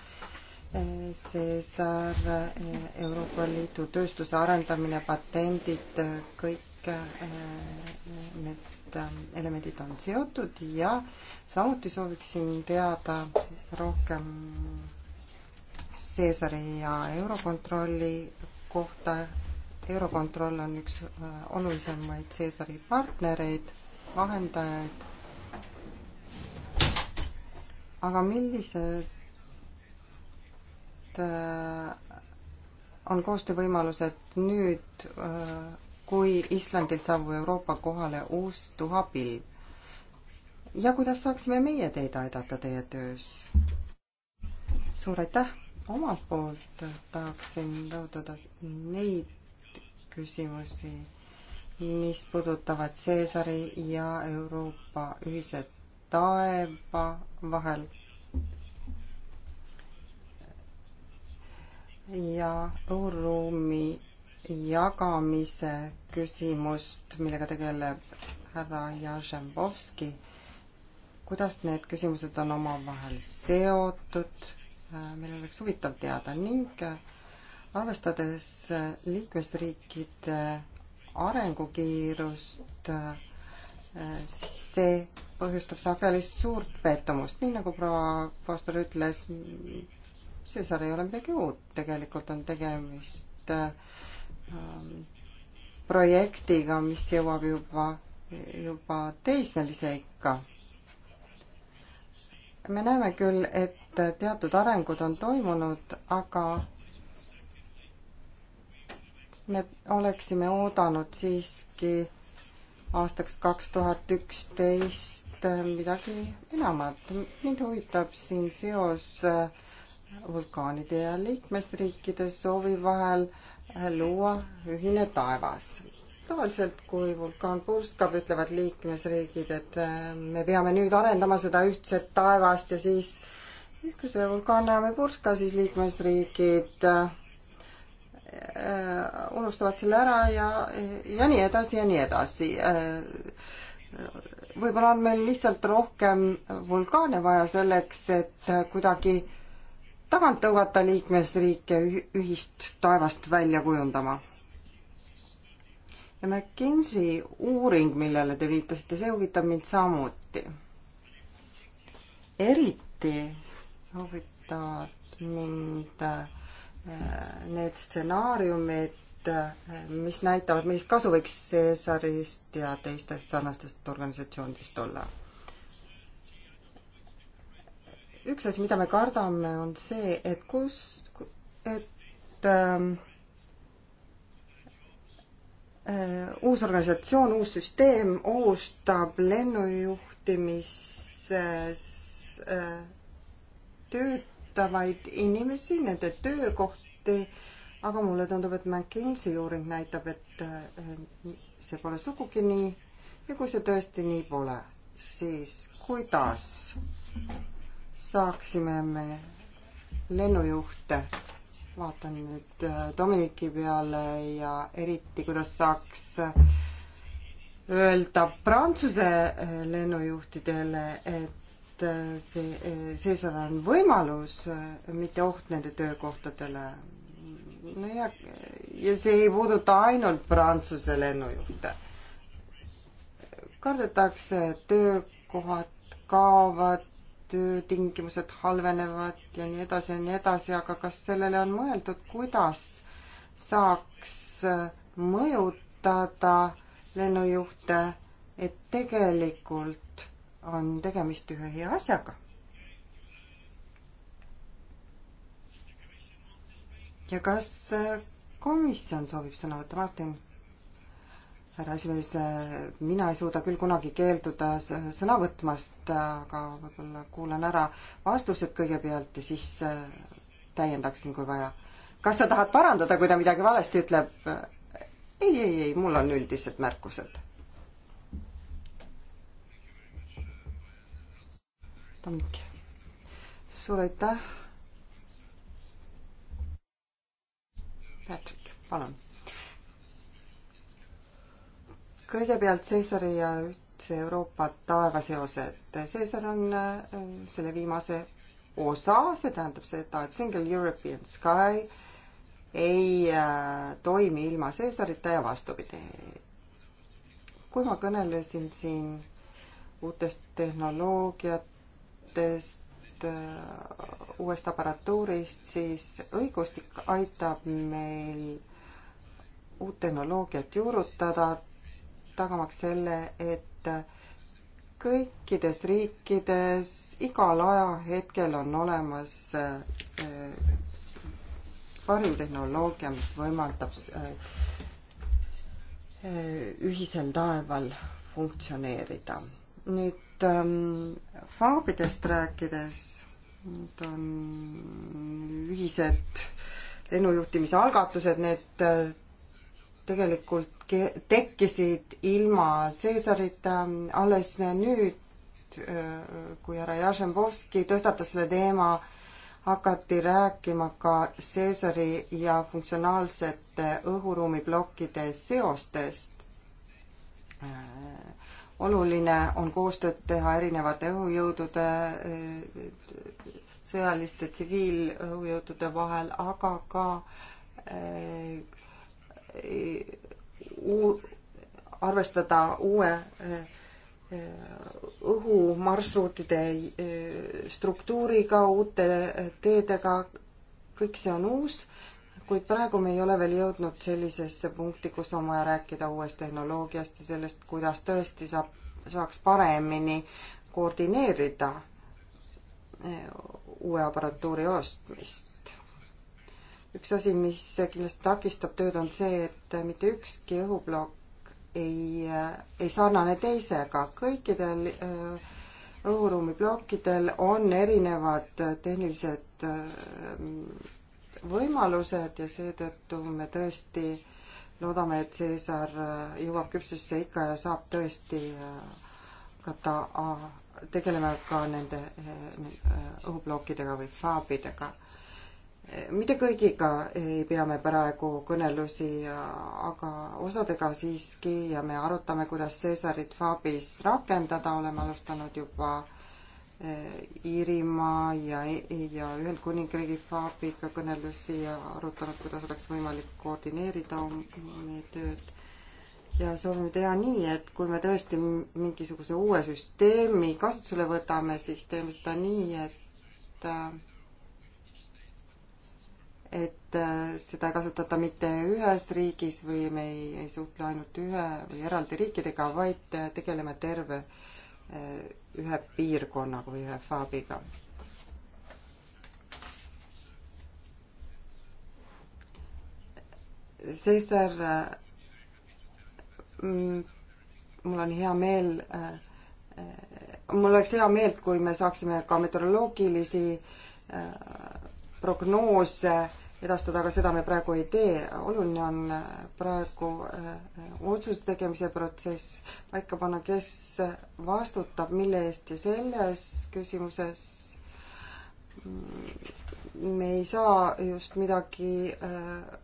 Cesar, eh, Euroopa Liidu tööstuse arendamine, patendid, eh, kõik eh, need elemendid on seotud ja samuti sooviksin teada rohkem Cesari ja Eurokontrolli kohta. Eurokontroll on üks olulisemaid Cesari partnereid, vahendajaid. aga millised Äh, on koostöövõimalused nüüd, äh, kui Islandilt saabub Euroopa kohale uus tuhapilv. ja kuidas saaksime meie teid aidata teie töös? suur aitäh, omalt poolt tahaksin rõhutada neid küsimusi, mis puudutavad Caesari ja Euroopa ühise taeva vahel ja õhuruumi jagamise küsimust, millega tegeleb härra Jažembovski. kuidas need küsimused on omavahel seotud? meil oleks huvitav teada ning arvestades liikmesriikide arengukiirust, see põhjustab sageli suurt pettumust, nii nagu proua Foster ütles, see seal ei ole midagi uut, tegelikult on tegemist ähm, projektiga, mis jõuab juba, juba teismelise ikka. me näeme küll, et teatud arengud on toimunud, aga me oleksime oodanud siiski aastaks kaks tuhat üksteist äh, midagi enamat. mind huvitab siin seos äh, vulkaanide ja liikmesriikide soovi vahel luua ühine taevas. tavaliselt, kui vulkaan purskab, ütlevad liikmesriigid, et äh, me peame nüüd arendama seda ühtset taevast ja siis, siis kui see vulkaan enam ei purska, siis liikmesriigid äh, äh, unustavad selle ära ja, ja nii edasi ja nii edasi võib-olla on meil lihtsalt rohkem vulkaane vaja selleks, et kuidagi tagant tõugata liikmesriike ühist taevast välja kujundama. ja McKinsey uuring, millele te viitasite, see huvitab mind samuti. eriti huvitavad mind äh, need stsenaariumid, äh, mis näitavad, millist kasu võiks Caesarist ja teistest sarnastest organisatsioonidest olla üks asi, mida me kardame, on see, et kus, et ähm, äh, uus organisatsioon, uus süsteem ohustab lennujuhtimises äh, töötavaid inimesi, nende töökohti, aga mulle tundub, et McKinsey uuring näitab, et äh, see pole sugugi nii ja kui see tõesti nii pole, siis kuidas saaksime me lennujuhte, vaatan nüüd äh, Dominiki peale ja eriti, kuidas saaks äh, öelda Prantsuse äh, lennujuhtidele, et see, seesama on võimalus, mitte oht nende töökohtadele. no ja, ja see ei puuduta ainult Prantsuse lennujuhte. kardetakse, et töökohad kaovad, töötingimused halvenevad ja nii edasi ja nii edasi, aga kas sellele on mõeldud, kuidas saaks mõjutada lennujuhte, et tegelikult on tegemist ühe hea asjaga? ja kas komisjon soovib sõna võtta, Martin? härra esimees, mina ei suuda küll kunagi keelduda sõna võtmast, aga võib-olla kuulan ära vastused kõigepealt ja siis äh, täiendaksin, kui vaja. kas sa tahad parandada, kui ta midagi valesti ütleb? ei, ei, ei, mul on üldised märkused. Tomik, suur aitäh. Patrick, palun kõigepealt Seisari ja ühtse Euroopa taeva seosed. Seisar on äh, selle viimase osa, see tähendab seda, et Single European Sky ei äh, toimi ilma Seisarita ja vastupidi. kui ma kõnelesin siin uutest tehnoloogiatest, äh, uuest aparatuurist, siis õigustik aitab meil uut tehnoloogiat juurutada, tagamaks selle, et kõikides riikides igal ajahetkel on olemas parim eh, tehnoloogia, mis võimaldab eh, ühisel taeval funktsioneerida. nüüd ähm, faabidest rääkides, need on ühised lennujuhtimise algatused, need tegelikult tekkisid ilma Caesarita alles nüüd, äh, kui härra Jašembovski tõstatas selle teema, hakati rääkima ka Caesari ja funktsionaalsete õhuruumi plokkide seostest. Äh, oluline on koostööd teha erinevate õhujõudude, äh, sõjaliste tsiviilõhujõudude vahel, aga ka arvestada uue eh, eh, õhumarsruutide eh, struktuuriga, uute teedega, kõik see on uus, kuid praegu me ei ole veel jõudnud sellisesse punkti, kus on vaja rääkida uuest tehnoloogiast ja sellest, kuidas tõesti saab, saaks paremini koordineerida uue aparatuuri ostmist üks asi, mis kindlasti takistab tööd, on see, et mitte ükski õhuplokk ei, ei sarnane teisega, kõikidel äh, õhuruumi plokkidel on erinevad äh, tehnilised äh, võimalused ja seetõttu me tõesti loodame, et Cesar jõuab küpsesse ikka ja saab tõesti hakata tegelema ka nende õhuplokkidega või faabidega mitte kõigiga ei pea me praegu kõnelusi, aga osadega siiski ja me arutame, kuidas Caesarit Fabis rakendada, oleme alustanud juba eh, Iirimaa ja, e-, ja Ühendkuningriigi Fabiga kõnelusi ja arutanud, kuidas oleks võimalik koordineerida um-, meie tööd. ja soovime teha nii, et kui me tõesti mingisuguse uue süsteemi kasutusele võtame, siis teeme seda nii, et äh, et äh, seda ei kasutata mitte ühes riigis või me ei, ei suhtle ainult ühe või eraldi riikidega, vaid äh, tegeleme terve äh, ühe piirkonnaga või ühe faabiga. Seisar, mul on hea meel, mul oleks hea meelt, kui me saaksime ka meteoroloogilisi prognoose äh, edastada, aga seda me praegu ei tee. oluline on äh, praegu äh, äh, otsuse tegemise protsess paika panna, kes vastutab mille eest ja selles küsimuses mm, me ei saa just midagi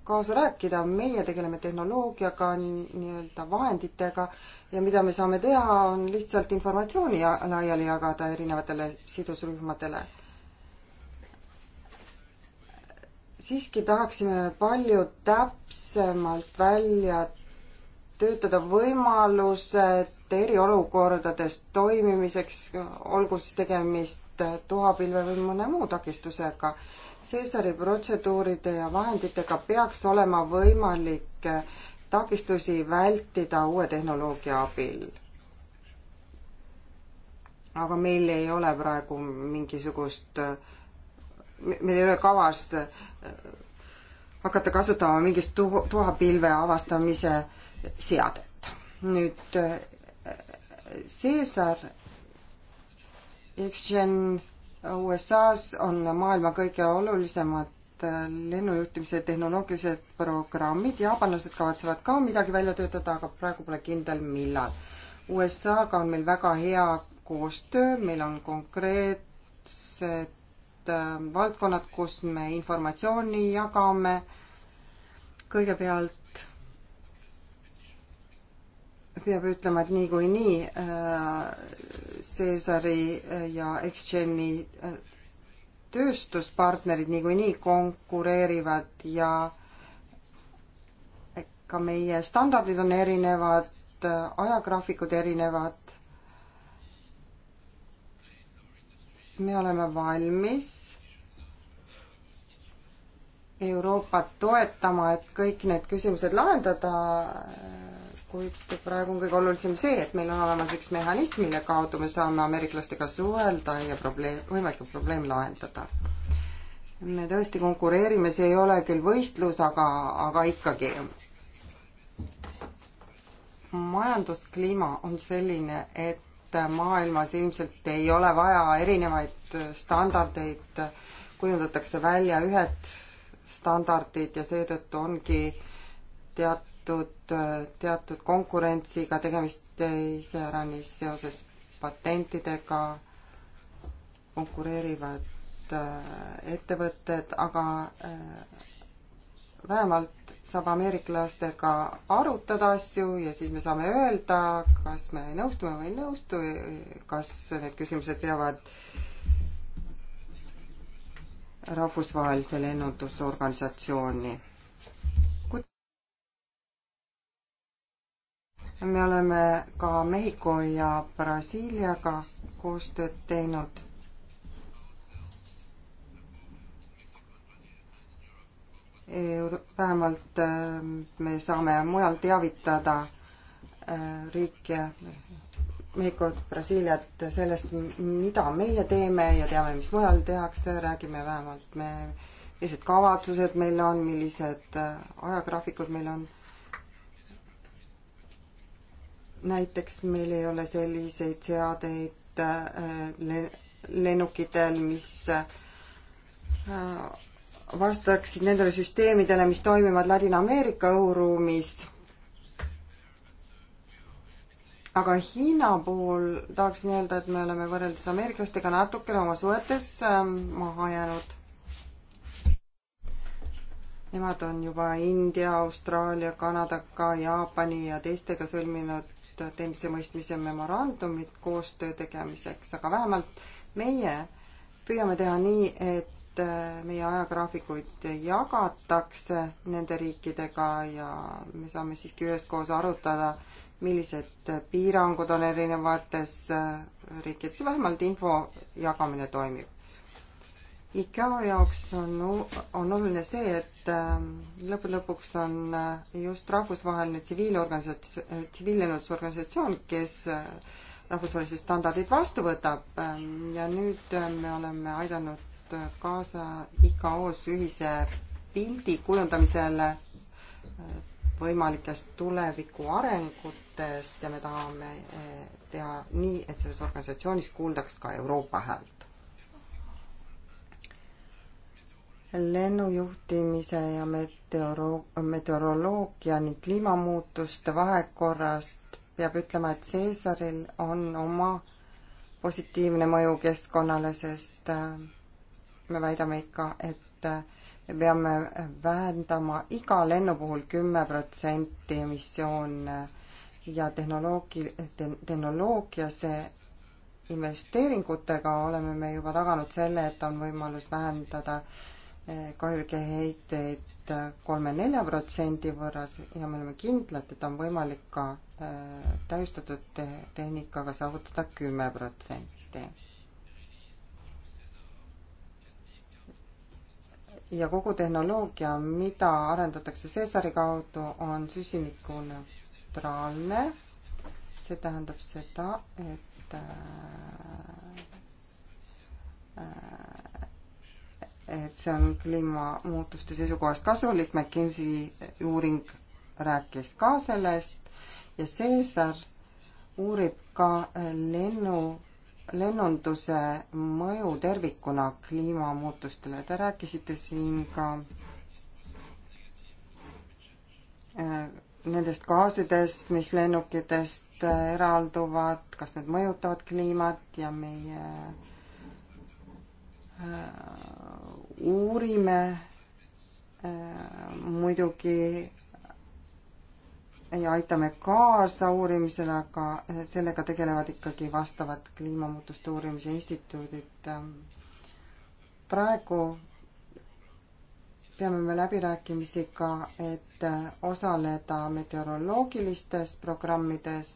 kaasa rääkida, meie tegeleme tehnoloogiaga, nii-öelda vahenditega ja mida me saame teha, on lihtsalt informatsiooni laiali jagada erinevatele sidusrühmadele siiski tahaksime palju täpsemalt välja töötada võimalused eriolukordades toimimiseks, olgu siis tegemist tuhapilve või mõne muu takistusega. Cäsari protseduuride ja vahenditega peaks olema võimalik takistusi vältida uue tehnoloogia abil. aga meil ei ole praegu mingisugust äh, meil ei ole kavas äh, hakata kasutama mingist tuho, tuhapilve avastamise seadet. nüüd äh, Caesar Action USA-s on maailma kõige olulisemad äh, lennujuhtimise tehnoloogilised programmid, jaapanlased kavatsevad ka midagi välja töötada, aga praegu pole kindel, millal. USA-ga on meil väga hea koostöö, meil on konkreetsed Ähm, valdkonnad, kus me informatsiooni jagame. kõigepealt peab ütlema, et niikuinii äh, Caesari äh, ja Exchange'i äh, tööstuspartnerid niikuinii konkureerivad ja ka meie standardid on erinevad, ajagraafikud erinevad. me oleme valmis Euroopat toetama, et kõik need küsimused lahendada, kuid praegu on kõige olulisem see, et meil on olemas üks mehhanism, mille kaudu me saame ameeriklastega suhelda ja probleem, võimalikke probleeme lahendada. me tõesti konkureerime, see ei ole küll võistlus, aga, aga ikkagi. majanduskliima on selline, et maailmas ilmselt ei ole vaja erinevaid standardeid, kujundatakse välja ühed standardid ja seetõttu ongi teatud, teatud konkurentsiga tegemist iseäranis seoses patentidega konkureerivad äh, ettevõtted, aga äh, vähemalt saab ameeriklastega arutada asju ja siis me saame öelda, kas me nõustume või ei nõustu, kas need küsimused peavad rahvusvahelise lennundusorganisatsiooni. me oleme ka Mehhiko ja Brasiiliaga koostööd teinud vähemalt äh, me saame mujal teavitada äh, riike, Mehhikut, Brasiiliat sellest, mida meie teeme ja teame, mis mujal tehakse, räägime vähemalt me, millised kavatsused meil on, millised äh, ajagraafikud meil on. näiteks meil ei ole selliseid seadeid lennukitel, mis vastaksid nendele süsteemidele, mis toimivad Ladina-Ameerika õhuruumis. aga Hiina puhul tahaksin öelda, et me oleme võrreldes ameeriklastega natukene oma suhetes ähm, maha jäänud. Nemad on juba India, Austraalia, Kanadaga, Jaapani ja teistega sõlminud teenise mõistmise memorandumid koostöö tegemiseks, aga vähemalt meie püüame teha nii, et Äh, meie ajagraafikuid jagatakse nende riikidega ja me saame siiski üheskoos arutada, millised piirangud on erinevates äh, riikides ja vähemalt info jagamine toimib. ICAO jaoks on, on oluline see, et äh, lõppude lõpuks on just rahvusvaheline tsiviilorganisatsioon, tsiviillennundusorganisatsioon, kes rahvusvahelised standardid vastu võtab ähm, ja nüüd me oleme aidanud kaasa IKO-s ühise pildi kujundamisele äh, võimalikest tuleviku arengutest ja me tahame äh, teha nii, et selles organisatsioonis kuuldaks ka Euroopa häält. lennujuhtimise ja meteoro-, meteoroloogia ning kliimamuutuste vahekorrast peab ütlema, et Caesaril on oma positiivne mõju keskkonnale, sest äh, me väidame ikka, et me peame vähendama iga lennu puhul kümme protsenti emissioone ja tehnoloogi-, tehnoloogiasse investeeringutega oleme me juba taganud selle, et on võimalus vähendada eh, kahjulikke heiteid kolme-nelja protsendi võrras ja me oleme kindlad, et on võimalik ka eh, täiustatud tehnikaga saavutada kümme protsenti ja kogu tehnoloogia, mida arendatakse Cäsari kaudu, on süsinikuneutraalne. see tähendab seda, et äh, äh, et see on kliimamuutuste seisukohast kasulik, McKinsey uuring rääkis ka sellest ja Cäsar uurib ka lennu lennunduse mõju tervikuna kliimamuutustele. Te rääkisite siin ka äh, nendest gaasidest, mis lennukitest äh, eralduvad, kas need mõjutavad kliimat ja meie äh, uurime muidugi ja aitame kaasa uurimisele, aga eh, sellega tegelevad ikkagi vastavad kliimamuutuste uurimise instituudid. Ähm, praegu peame me läbirääkimisi ka, et eh, osaleda meteoroloogilistes programmides.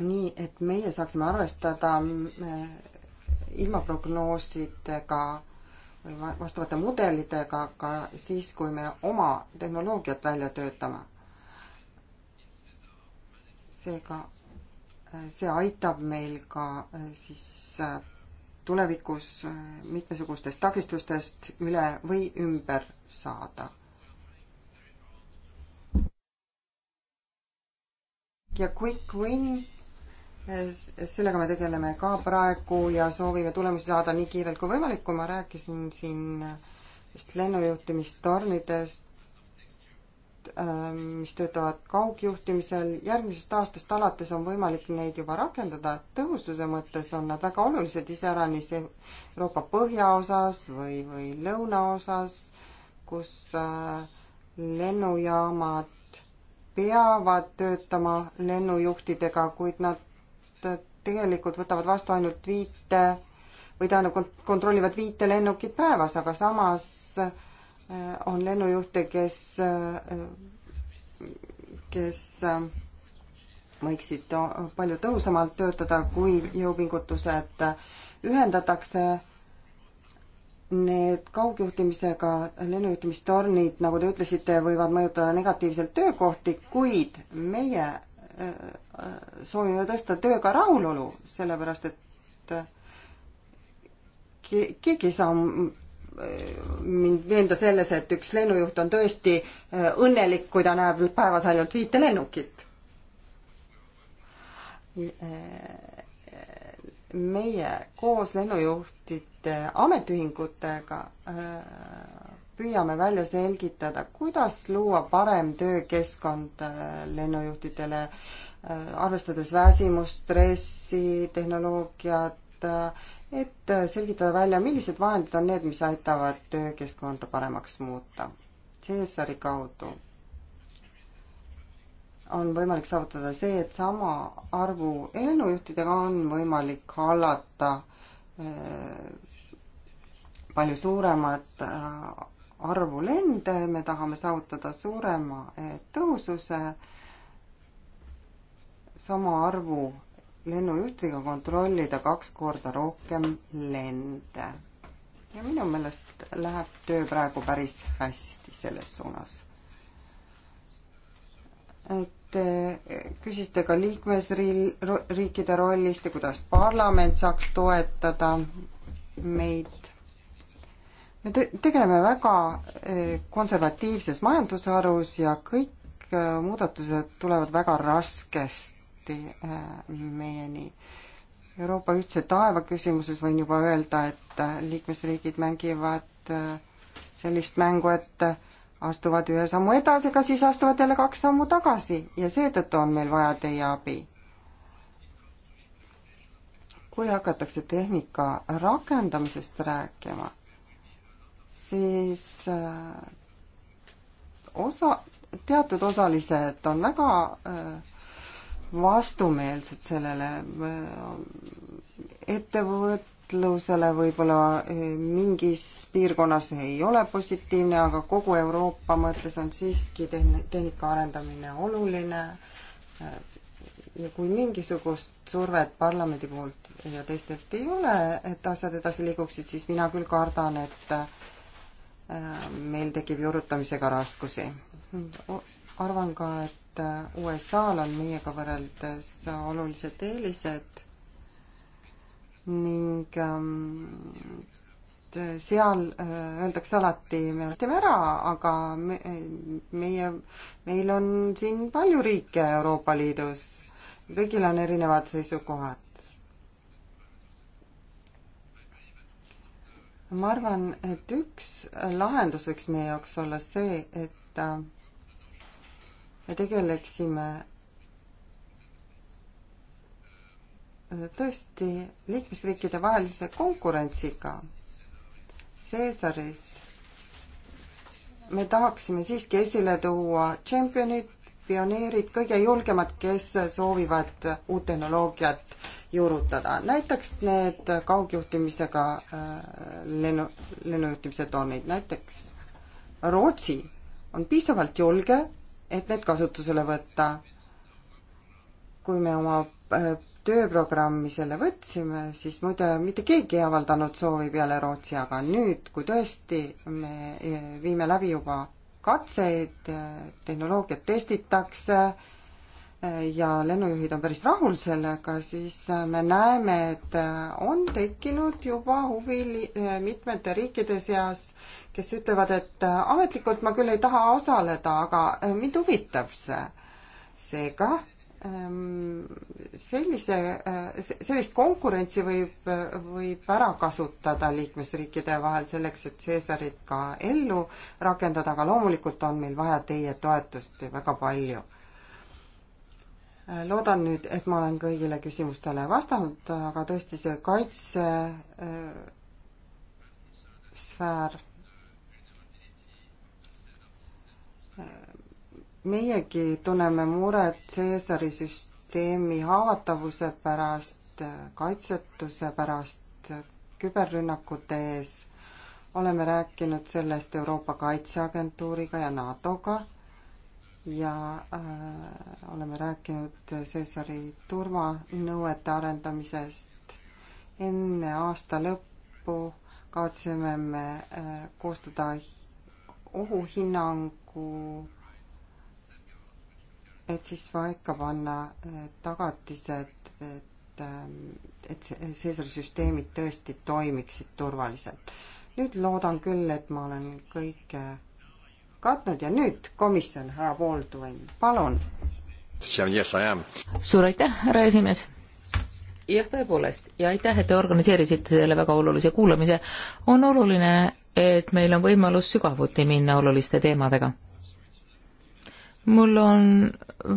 nii, et meie saaksime arvestada mm, eh, ilmaprognoosidega vastavate mudelitega ka siis, kui me oma tehnoloogiat välja töötame. seega äh, see aitab meil ka äh, siis äh, tulevikus mitmesugustest takistustest üle või ümber saada. ja quick win sellega me tegeleme ka praegu ja soovime tulemusi saada nii kiirelt kui võimalik, kui ma rääkisin siin vist lennujuhtimistornidest, ähm, mis töötavad kaugjuhtimisel, järgmisest aastast alates on võimalik neid juba rakendada, tõhususe mõttes on nad väga olulised, iseäranis Euroopa põhjaosas või, või lõunaosas, kus äh, lennujaamad peavad töötama lennujuhtidega, kuid nad tegelikult võtavad vastu ainult viite või tähendab, kontrollivad viite lennukit päevas, aga samas äh, on lennujuhte, kes, äh, kes äh, võiksid palju tõhusamalt töötada, kui jõupingutused ühendatakse need kaugjuhtimisega lennujuhtimistornid, nagu te ütlesite, võivad mõjutada negatiivselt töökohti, kuid meie Äh, soovime tõsta tööga rahulolu, sellepärast et äh, keegi ei saa mind veenda selles, et üks lennujuht on tõesti äh, õnnelik, kui ta näeb päevas ainult viite lennukit. meie koos lennujuhtide ametiühingutega püüame välja selgitada, kuidas luua parem töökeskkond äh, lennujuhtidele, äh, arvestades väsimust, stressi, tehnoloogiat, äh, et selgitada välja, millised vahendid on need, mis aitavad töökeskkonda paremaks muuta. CSR-i kaudu on võimalik saavutada see, et sama arvu lennujuhtidega on võimalik hallata palju suuremat arvu lende, me tahame saavutada suurema eh, tõhususe, sama arvu lennujuhtiga kontrollida kaks korda rohkem lende. ja minu meelest läheb töö praegu päris hästi selles suunas. et küsisite ka liikmesriikide rollist ja kuidas parlament saaks toetada meid me tegeleme väga eh, konservatiivses majandusharus ja kõik eh, muudatused tulevad väga raskesti eh, meieni. Euroopa ühtse taeva küsimuses võin juba öelda, et liikmesriigid mängivad sellist mängu, et astuvad ühe sammu edasi, aga siis astuvad jälle kaks sammu tagasi ja seetõttu on meil vaja teie abi kui hakatakse tehnika rakendamisest rääkima, siis äh, osa, teatud osalised on väga äh, vastumeelsed sellele äh, ettevõtlusele, võib-olla mingis piirkonnas ei ole positiivne, aga kogu Euroopa mõttes on siiski tehn-, tehnika arendamine oluline ja kui mingisugust survet parlamendi poolt ja teistelt ei ole, et asjad edasi liiguksid, siis mina küll kardan, et meil tekib juurutamisega raskusi. arvan ka, et USA-l on meiega võrreldes olulised eelised ning ähm, seal äh, öeldakse alati, me teeme ära, aga me, meie, meil on siin palju riike Euroopa Liidus, kõigil on erinevad seisukohad. ma arvan, et üks lahendus võiks meie jaoks olla see, et äh, me tegeleksime äh, tõesti liikmesriikide vahelise konkurentsiga. Caesaris me tahaksime siiski esile tuua tšempionid, pioneerid, kõige julgemad, kes soovivad uut tehnoloogiat juurutada. näiteks need kaugjuhtimisega äh, lennu, lennujuhtimise tornid, näiteks Rootsi on piisavalt julge, et need kasutusele võtta. kui me oma äh, tööprogrammi selle võtsime, siis muide mitte keegi ei avaldanud soovi peale Rootsi, aga nüüd, kui tõesti me äh, viime läbi juba katseid, tehnoloogiat testitakse ja lennujuhid on päris rahul sellega, siis me näeme, et on tekkinud juba huvi mitmete riikide seas, kes ütlevad, et ametlikult ma küll ei taha osaleda, aga mind huvitab see. seega Ehm, sellise, eh, sellist konkurentsi võib, eh, võib ära kasutada liikmesriikide vahel selleks, et Caesarit ka ellu rakendada, aga loomulikult on meil vaja teie toetust väga palju. Eh, loodan nüüd, et ma olen kõigile küsimustele vastanud, aga tõesti see kaitsesfäär äh, meiegi tunneme muret Caesari süsteemi haavatavuse pärast, kaitsetuse pärast, küberrünnakute ees. oleme rääkinud sellest Euroopa Kaitseagentuuriga ja NATO-ga ja äh, oleme rääkinud Caesari turvanõuete arendamisest. enne aasta lõppu kavatseme me äh, koostada ohuhinnangu et siis paika panna äh, tagatised, et, ähm, et Caesari süsteemid tõesti toimiksid turvaliselt. nüüd loodan küll, et ma olen kõike katnud ja nüüd komisjon, härra Pooltuin, palun. suur aitäh, härra esimees jah, tõepoolest ja aitäh, et te organiseerisite selle väga olulise kuulamise. on oluline, et meil on võimalus sügavuti minna oluliste teemadega mul on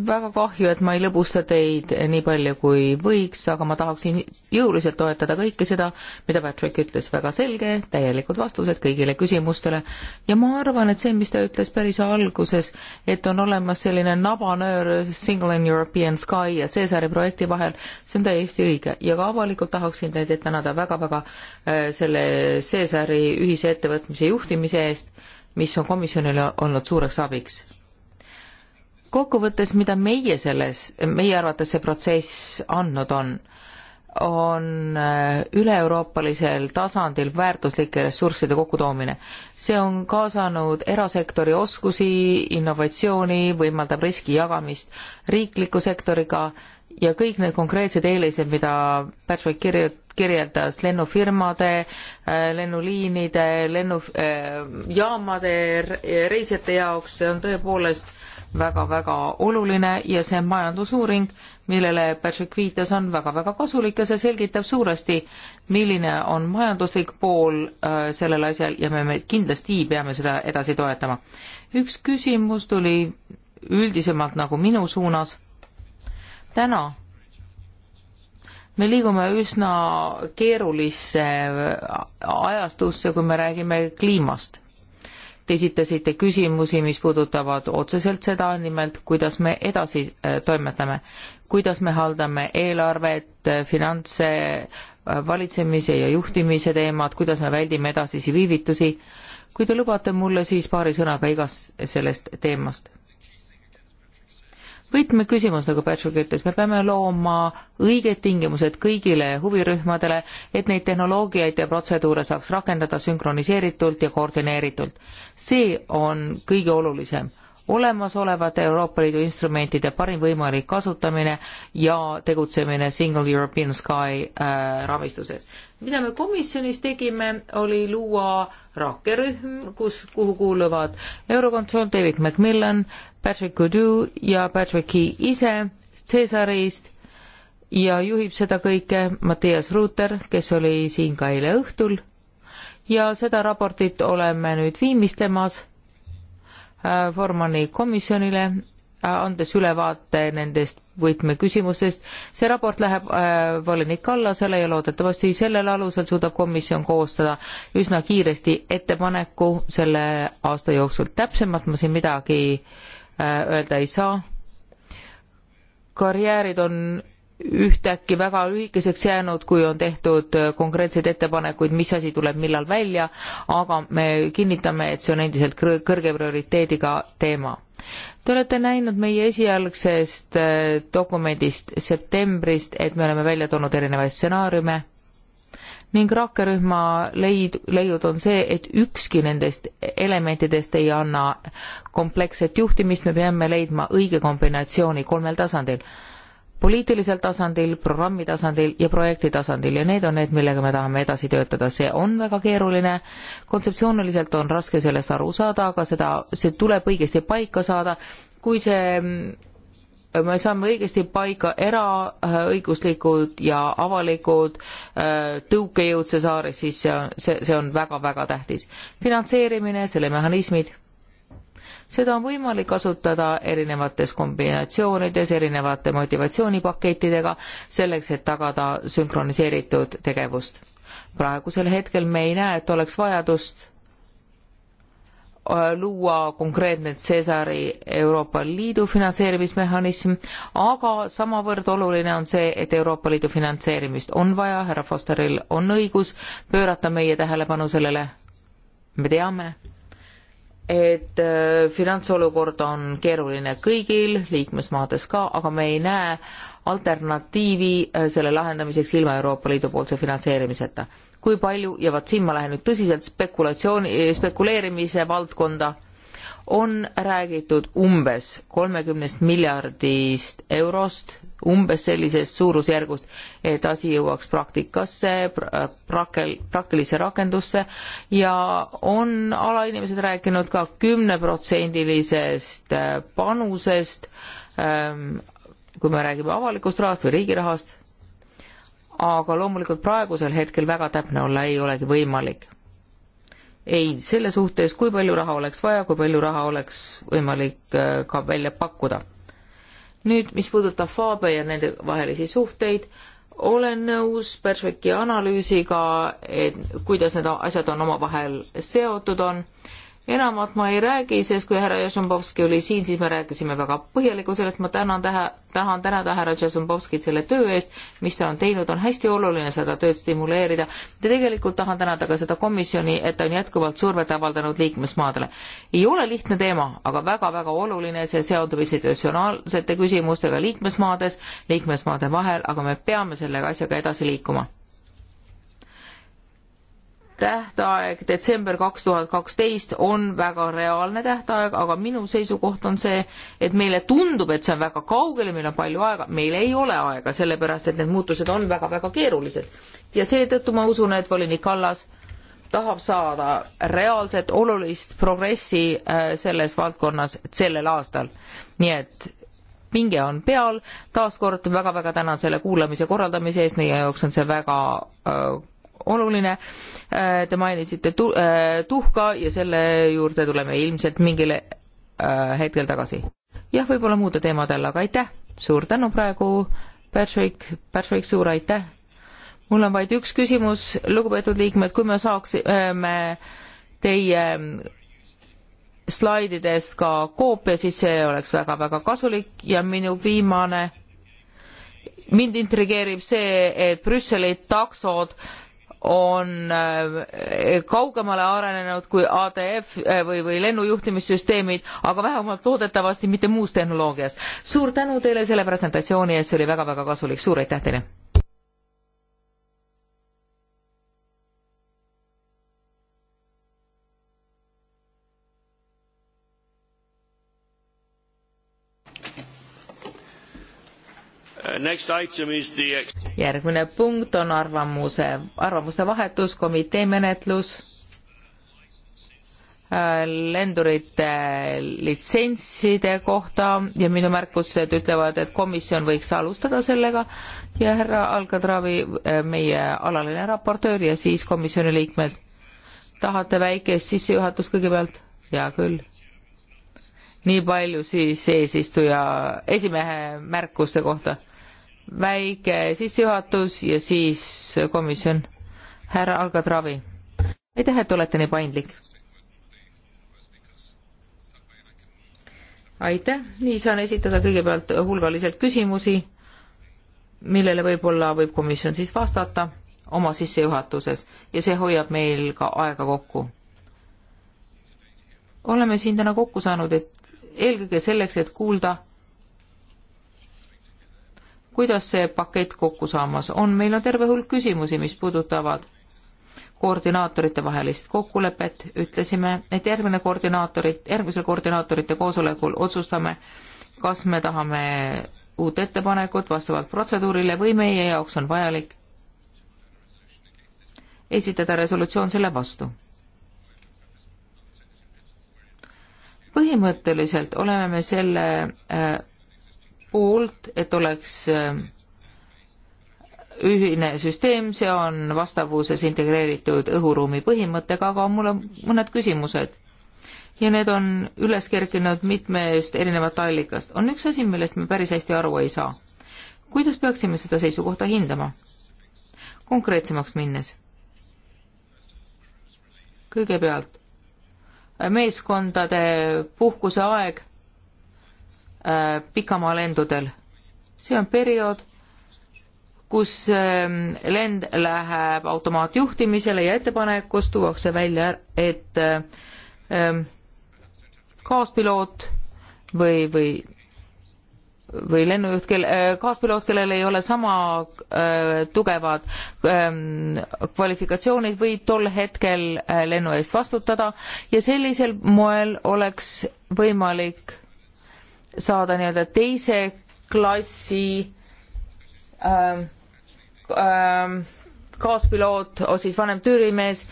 väga kahju, et ma ei lõbusta teid nii palju kui võiks, aga ma tahaksin jõuliselt toetada kõike seda, mida Patrick ütles, väga selge, täielikud vastused kõigile küsimustele. ja ma arvan, et see, mis ta ütles päris alguses, et on olemas selline nabanöör Single in European Sky ja Cesari projekti vahel, see on täiesti õige ja ka avalikult tahaksin teid tänada väga-väga äh, selle Cesari ühise ettevõtmise juhtimise eest, mis on komisjonile olnud suureks abiks kokkuvõttes, mida meie selles, meie arvates see protsess andnud on, on äh, üle-euroopalisel tasandil väärtuslike ressursside kokkutoomine. see on kaasanud erasektori oskusi, innovatsiooni, võimaldab riski jagamist riikliku sektoriga ja kõik need konkreetsed eelised, mida Patrick kirju-, kirjeldas, lennufirmade, äh, lennuliinide, lennujaamade, äh, reisijate jaoks, see on tõepoolest väga-väga oluline ja see majandusuuring, millele Patrick viitas, on väga-väga kasulik ja see selgitab suuresti, milline on majanduslik pool äh, sellel asjal ja me, me kindlasti peame seda edasi toetama. üks küsimus tuli üldisemalt nagu minu suunas. täna me liigume üsna keerulisse ajastusse, kui me räägime kliimast Te esitasite küsimusi, mis puudutavad otseselt seda, nimelt kuidas me edasi äh, toimetame, kuidas me haldame eelarvet, äh, finantse, äh, valitsemise ja juhtimise teemad, kuidas me väldime edasisi viivitusi. kui te lubate mulle, siis paari sõnaga igast sellest teemast võtmeküsimus, nagu Patrick ütles, me peame looma õiged tingimused kõigile huvirühmadele, et neid tehnoloogiaid ja protseduure saaks rakendada sünkroniseeritult ja koordineeritult. see on kõige olulisem olemasolevate Euroopa Liidu instrumentide parim võimalik kasutamine ja tegutsemine Single European Sky äh, raamistuses. mida me komisjonis tegime, oli luua rakkerühm, kus, kuhu kuuluvad Eurokontroll, David Macmillan, Patrick Goodoo ja Patrick Key ise Cesarist ja juhib seda kõike Mattias Ruuter, kes oli siin ka eile õhtul ja seda raportit oleme nüüd viimistlemas Äh, Formani komisjonile, äh, andes ülevaate nendest võtmeküsimustest. see raport läheb äh, volinik Kallasele ja loodetavasti sellel alusel suudab komisjon koostada üsna kiiresti ettepaneku selle aasta jooksul. täpsemalt ma siin midagi äh, öelda ei saa. karjäärid on ühtäkki väga lühikeseks jäänud, kui on tehtud äh, konkreetseid ettepanekuid, mis asi tuleb millal välja, aga me kinnitame, et see on endiselt kõrge prioriteediga teema. Te olete näinud meie esialgsest äh, dokumendist septembrist, et me oleme välja toonud erinevaid stsenaariume ning rakkerühma leid, leiud on see, et ükski nendest elementidest ei anna kompleksset juhtimist, me peame leidma õige kombinatsiooni kolmel tasandil poliitilisel tasandil, programmi tasandil ja projekti tasandil ja need on need, millega me tahame edasi töötada. see on väga keeruline, kontseptsiooniliselt on raske sellest aru saada, aga seda, see tuleb õigesti paika saada, kui see me saame õigesti paika eraõiguslikud ja avalikud äh, tõukejõud Cesaaris, siis see on, see, see on väga-väga tähtis. finantseerimine, selle mehhanismid seda on võimalik kasutada erinevates kombinatsioonides, erinevate motivatsioonipakettidega, selleks et tagada sünkroniseeritud tegevust. praegusel hetkel me ei näe, et oleks vajadust äh, luua konkreetne Cesari Euroopa Liidu finantseerimismehhanism, aga samavõrd oluline on see, et Euroopa Liidu finantseerimist on vaja, härra Fosteril on õigus pöörata meie tähelepanu sellele. me teame, et äh, finantsolukord on keeruline kõigil liikmesmaades ka, aga me ei näe alternatiivi äh, selle lahendamiseks ilma Euroopa Liidu poolse finantseerimiseta. kui palju, ja vot siin ma lähen nüüd tõsiselt spekulatsiooni, spekuleerimise valdkonda on räägitud umbes kolmekümnest miljardist eurost, umbes sellisest suurusjärgust, et asi jõuaks praktikasse pra,, prakel-, praktilisse rakendusse ja on alainimesed rääkinud ka kümneprotsendilisest äh, panusest, ähm, kui me räägime avalikust rahast või riigi rahast, aga loomulikult praegusel hetkel väga täpne olla ei olegi võimalik ei selle suhtes, kui palju raha oleks vaja, kui palju raha oleks võimalik äh, ka välja pakkuda. nüüd, mis puudutab Faabe ja nende vahelisi suhteid, olen nõus Persveki analüüsiga, et kuidas need asjad on omavahel seotud on enamat ma ei räägi, sest kui härra Jašumbovski oli siin, siis me rääkisime väga põhjalikult sellest, ma tänan tähe, tahan tänada härra Jašumbovskit selle töö eest, mis ta on teinud, on hästi oluline seda tööd stimuleerida ja tegelikult tahan tänada ka seda komisjoni, et ta on jätkuvalt survet avaldanud liikmesmaadele. ei ole lihtne teema, aga väga-väga oluline, see seondub institutsionaalsete küsimustega liikmesmaades, liikmesmaade vahel, aga me peame selle asjaga edasi liikuma tähtaeg detsember kaks tuhat kaksteist on väga reaalne tähtaeg, aga minu seisukoht on see, et meile tundub, et see on väga kaugel ja meil on palju aega, meil ei ole aega, sellepärast et need muutused on väga-väga keerulised. ja seetõttu ma usun, et volinik Kallas tahab saada reaalset olulist progressi äh, selles valdkonnas sellel aastal. nii et pinge on peal, taaskord väga-väga tänan selle kuulamise korraldamise eest, meie jaoks on see väga äh, oluline. Äh, te mainisite tu-, äh, tuhka ja selle juurde tuleme ilmselt mingil äh, hetkel tagasi. jah, võib-olla muude teemade all, aga aitäh, suur tänu praegu, Patrick, Patrick, suur aitäh. mul on vaid üks küsimus, lugupeetud liikmed, kui me saaksime teie ähm, slaididest ka koopia, siis see oleks väga-väga kasulik ja minu viimane mind intrigeerib see, et Brüsseli taksod on äh, kaugemale arenenud kui ATF äh, või, või lennujuhtimissüsteemid, aga vähemalt loodetavasti mitte muus tehnoloogias. suur tänu teile selle presentatsiooni eest, see oli väga-väga kasulik, suur aitäh teile! järgmine punkt on arvamuse, arvamuste vahetus, komitee menetlus, äh, lendurite litsentside kohta ja minu märkused ütlevad, et komisjon võiks alustada sellega ja härra Alkatravi, äh, meie alaline raportöör ja siis komisjoni liikmed. tahate väikest sissejuhatust kõigepealt? hea küll nii palju siis eesistuja esimehe märkuste kohta väike sissejuhatus ja siis komisjon. härra Algatravi, aitäh, et olete nii paindlik. aitäh, nii saan esitada kõigepealt hulgaliselt küsimusi, millele võib-olla võib komisjon siis vastata oma sissejuhatuses ja see hoiab meil ka aega kokku. oleme siin täna kokku saanud, et eelkõige selleks, et kuulda kuidas see pakett kokku saamas on, meil on terve hulk küsimusi, mis puudutavad koordinaatorite vahelist kokkulepet, ütlesime, et järgmine koordinaatorit, järgmisel koordinaatorite koosolekul otsustame, kas me tahame uut ettepanekut vastavalt protseduurile või meie jaoks on vajalik esitada resolutsioon selle vastu. põhimõtteliselt oleme me selle äh, poolt, et oleks äh, ühine süsteem, see on vastavuses integreeritud õhuruumi põhimõttega, aga mul on mõned küsimused. ja need on üles kerkinud mitmest erinevat allikast. on üks asi, millest me päris hästi aru ei saa. kuidas peaksime seda seisukohta hindama? konkreetsemaks minnes. kõigepealt meeskondade puhkuseaeg Äh, pikamaalendudel. see on periood, kus ähm, lend läheb automaatjuhtimisele ja ettepanekus tuuakse välja, et äh, ähm, kaaspiloot või, või, või lennujuht, kelle, äh, kaaspiloot, kellel ei ole sama äh, tugevad äh, kvalifikatsioonid, võib tol hetkel lennu eest vastutada ja sellisel moel oleks võimalik saada nii-öelda teise klassi ähm, ähm, kaaspiloot, oh, siis vanem tüürimees äh,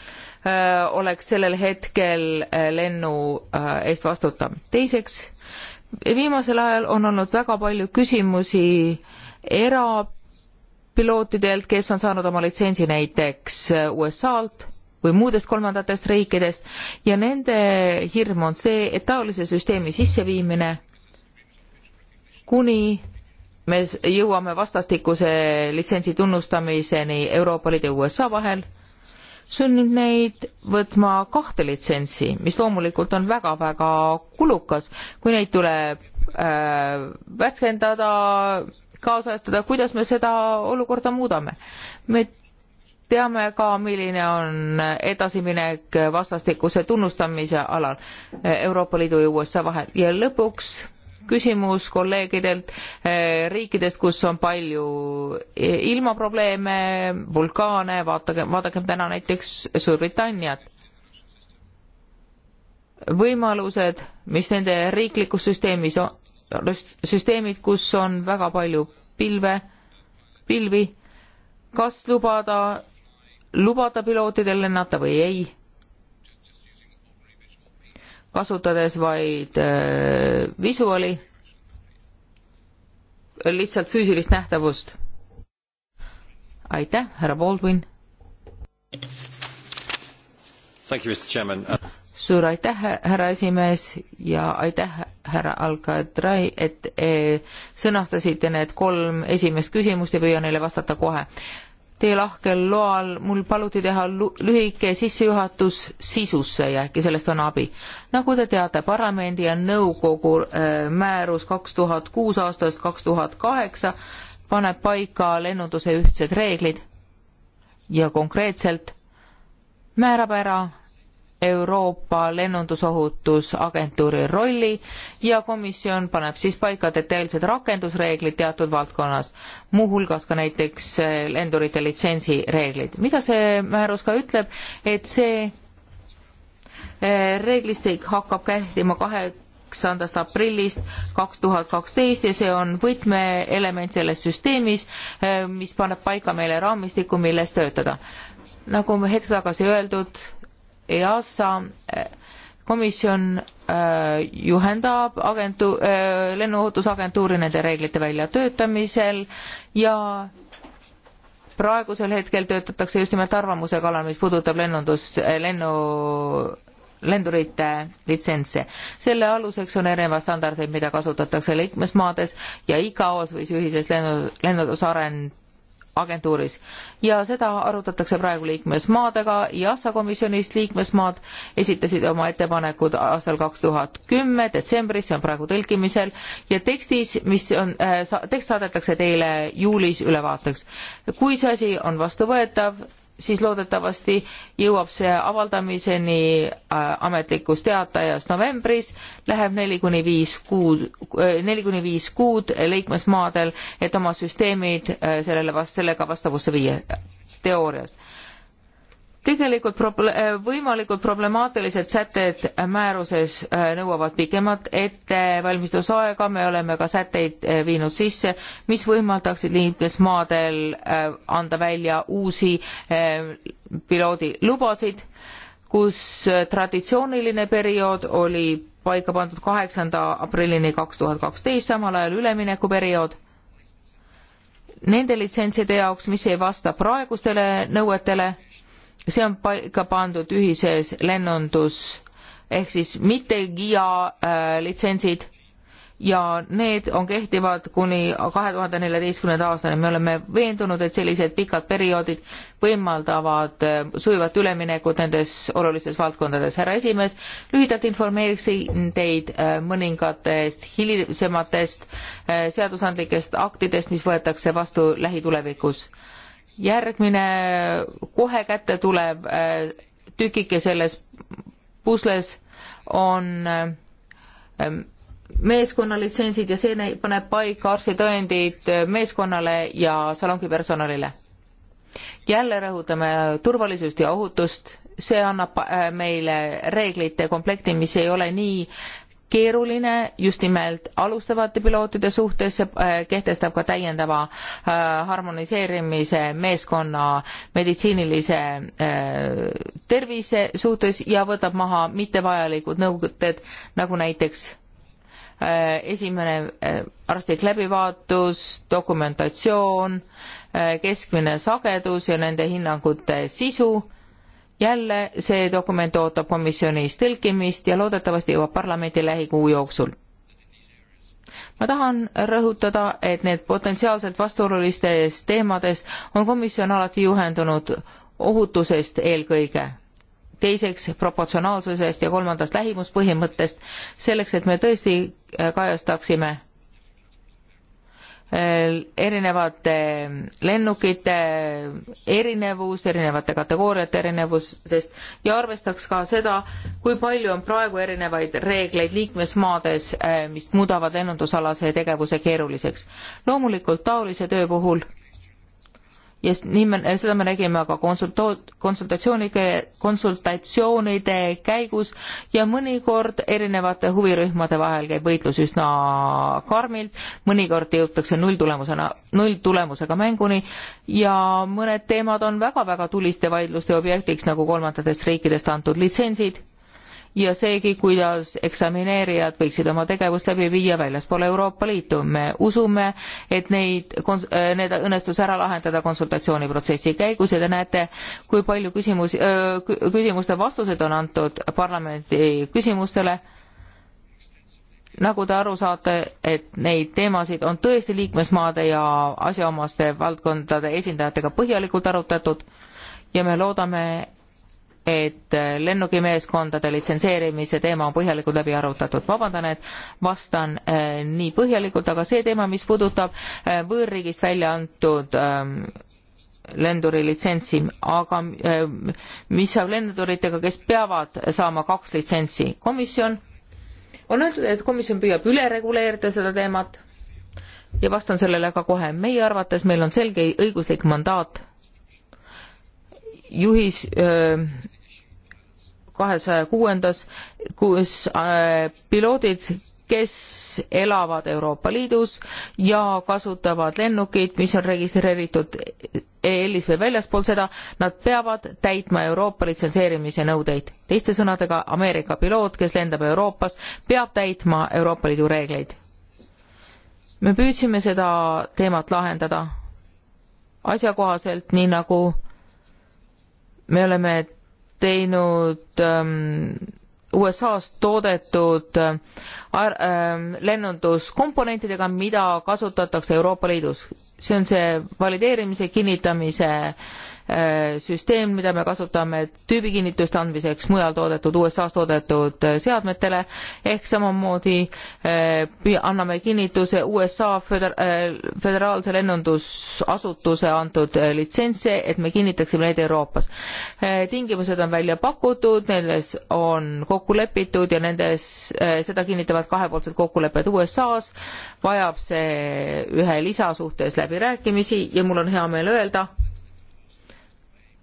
oleks sellel hetkel äh, lennu äh, eest vastutav. teiseks, viimasel ajal on olnud väga palju küsimusi erapilootidelt, kes on saanud oma litsentsi näiteks äh, USA-lt või muudest kolmandatest riikidest ja nende hirm on see, et taolise süsteemi sisseviimine kuni me jõuame vastastikuse litsentsi tunnustamiseni Euroopa Liidu ja USA vahel, sunnib neid võtma kahte litsentsi, mis loomulikult on väga-väga kulukas, kui neid tuleb äh, värskendada, kaasajastada, kuidas me seda olukorda muudame. me teame ka, milline on edasiminek vastastikuse tunnustamise alal Euroopa Liidu ja USA vahel ja lõpuks küsimus kolleegidelt eh, riikidest, kus on palju eh, ilmaprobleeme, vulkaane, vaatage, vaadakem täna näiteks Suurbritanniat. võimalused, mis nende riiklikus süsteemis on, süsteemid, kus on väga palju pilve, pilvi, kas lubada, lubada pilootidel lennata või ei kasutades vaid äh, visuali, lihtsalt füüsilist nähtavust. aitäh, härra Baldwin. Uh, suur aitäh, härra esimees ja aitäh, härra Alcatrai, et äh, sõnastasite need kolm esimest küsimust ja püüan neile vastata kohe Teie lahkel loal mul paluti teha lühike sissejuhatus sisusse ja äkki sellest on abi. nagu te teate, parlamendi ja nõukogu äh, määrus kaks tuhat kuus aastast kaks tuhat kaheksa paneb paika lennunduse ühtsed reeglid ja konkreetselt määrab ära Euroopa Lennundusohutusagentuuri rolli ja komisjon paneb siis paika detailsed rakendusreeglid teatud valdkonnas, muuhulgas ka näiteks lendurite litsentsireeglid. mida see määrus ka ütleb, et see eh, reeglistik hakkab kehtima kahe kaheksandast aprillist kaks tuhat kaksteist ja see on võtmeelement selles süsteemis, eh, mis paneb paika meile raamistiku, milles töötada. nagu hetk tagasi öeldud, EASA eh, komisjon eh, juhendab agentu-, eh, lennuohutusagentuuri nende reeglite väljatöötamisel ja praegusel hetkel töötatakse just nimelt arvamuse kallal, mis puudutab lennundus, lennu, lendurite litsentse. selle aluseks on erinevad standardid, mida kasutatakse liikmesmaades ja ICAO-s või siis ühises lennu, lennundusarend agentuuris ja seda arutatakse praegu liikmesmaadega ja Assa komisjonist liikmesmaad esitasid oma ettepanekud aastal kaks tuhat kümme detsembris, see on praegu tõlkimisel ja tekstis, mis on äh,, tekst saadetakse teile juulis ülevaateks. kui see asi on vastuvõetav, siis loodetavasti jõuab see avaldamiseni äh, ametlikus teatajas novembris, läheb neli kuni viis kuud, äh, neli kuni viis kuud liikmesmaadel, et oma süsteemid äh, sellele vast-, sellega vastavusse viia teoorias tegelikult proble äh, võimalikud problemaatilised sätted määruses äh, nõuavad pikemat ettevalmistusaega, me oleme ka sätteid äh, viinud sisse, mis võimaldaksid liikmesmaadel anda välja uusi piloodilubasid, kus traditsiooniline periood oli paika pandud kaheksanda aprillini kaks tuhat kaksteist, samal ajal üleminekuperiood nende litsentside jaoks, mis ei vasta praegustele nõuetele see on paika pandud ühises lennundus ehk siis mitte GIA äh, litsentsid ja need on kehtivad kuni kahe tuhande neljateistkümnenda aastani. me oleme veendunud, et sellised pikad perioodid võimaldavad äh, sujuvat üleminekut nendes olulistes valdkondades. härra esimees, lühidalt informeeriksin teid äh, mõningatest hilisematest äh, seadusandlikest aktidest, mis võetakse vastu lähitulevikus järgmine kohe kätte tulev äh, tükike selles pusles on ähm, meeskonnalitsentsid ja see paneb paika arstitõendid äh, meeskonnale ja salongi personalile. jälle rõhutame turvalisust ja ohutust, see annab äh, meile reeglite komplekti, mis ei ole nii keeruline just nimelt alustavate pilootide suhtes, see äh, kehtestab ka täiendava äh, harmoniseerimise meeskonna meditsiinilise äh, tervise suhtes ja võtab maha mittevajalikud nõuded, nagu näiteks esimene arstlik läbivaatus, dokumentatsioon, keskmine sagedus ja nende hinnangute sisu jälle see dokument ootab komisjonis tõlkimist ja loodetavasti jõuab parlamenti lähikuu jooksul. ma tahan rõhutada, et need potentsiaalselt vastuolulistes teemades on komisjon alati juhendunud ohutusest eelkõige, teiseks proportsionaalsusest ja kolmandast lähimuspõhimõttest, selleks et me tõesti kajastaksime Äh, erinevate lennukite erinevus, erinevate kategooriate erinevus, sest ja arvestaks ka seda, kui palju on praegu erinevaid reegleid liikmesmaades, äh, mis muudavad lennundusalase tegevuse keeruliseks. loomulikult taolise töö puhul ja nii me, seda me nägime ka konsulto-, konsultatsioonide, konsultatsioonide käigus ja mõnikord erinevate huvirühmade vahel käib võitlus üsna karmilt, mõnikord jõutakse nulltulemusena, nulltulemusega mänguni ja mõned teemad on väga-väga tuliste vaidluste objektiks, nagu kolmandatest riikidest antud litsentsid ja seegi, kuidas eksamineerijad võiksid oma tegevust läbi viia väljaspool Euroopa Liitu. me usume, et neid, äh, need õnnestus ära lahendada konsultatsiooniprotsessi käigus ja te näete, kui palju küsimusi, äh, küsimuste vastused on antud parlamendi küsimustele nagu te aru saate, et neid teemasid on tõesti liikmesmaade ja asjaomaste valdkondade esindajatega põhjalikult arutatud ja me loodame, et lennukimeeskondade litsenseerimise teema on põhjalikult läbi arutatud. vabandan, et vastan äh, nii põhjalikult, aga see teema, mis puudutab äh, võõrriigist välja antud ähm, lenduri litsentsi, aga äh, mis saab lenduritega, kes peavad saama kaks litsentsi? komisjon, on öeldud, et komisjon püüab üle reguleerida seda teemat ja vastan sellele ka kohe. meie arvates meil on selge õiguslik mandaat juhis öö, kahesaja kuuendas, kus äh, piloodid kes elavad Euroopa Liidus ja kasutavad lennukeid, mis on registreeritud EL-is või väljaspool seda, nad peavad täitma Euroopa litsenseerimise nõudeid. teiste sõnadega, Ameerika piloot, kes lendab Euroopas, peab täitma Euroopa Liidu reegleid. me püüdsime seda teemat lahendada asjakohaselt, nii nagu me oleme teinud ähm, USA-s toodetud äh, äh, lennunduskomponentidega, mida kasutatakse Euroopa Liidus. see on see valideerimise, kinnitamise äh, Äh, süsteem, mida me kasutame tüübikinnituste andmiseks mujal toodetud, USA-s toodetud äh, seadmetele, ehk samamoodi äh, anname kinnituse USA föder-, föderaalse lennundusasutuse antud litsentse, et me kinnitaksime neid Euroopas. tingimused on välja pakutud, nendes on kokku lepitud ja nendes, seda kinnitavad kahepoolsed kokkulepped USA-s, vajab see ühe lisa suhtes läbirääkimisi ja mul on hea meel öelda,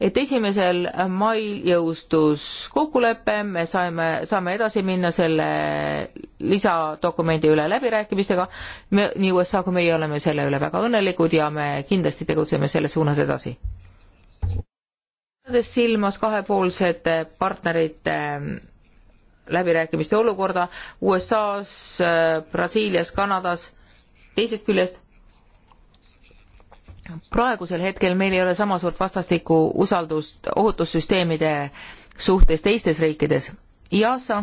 et esimesel mail jõustus kokkulepe, me saime, saame edasi minna selle lisadokumendi üle läbirääkimistega. me, nii USA kui meie oleme selle üle väga õnnelikud ja me kindlasti tegutseme selles suunas edasi. pidades silmas kahepoolsete partnerite läbirääkimiste olukorda USA-s, Brasiilias, Kanadas, teisest küljest praegusel hetkel meil ei ole sama suurt vastastikku usaldust ohutussüsteemide suhtes teistes riikides. EASA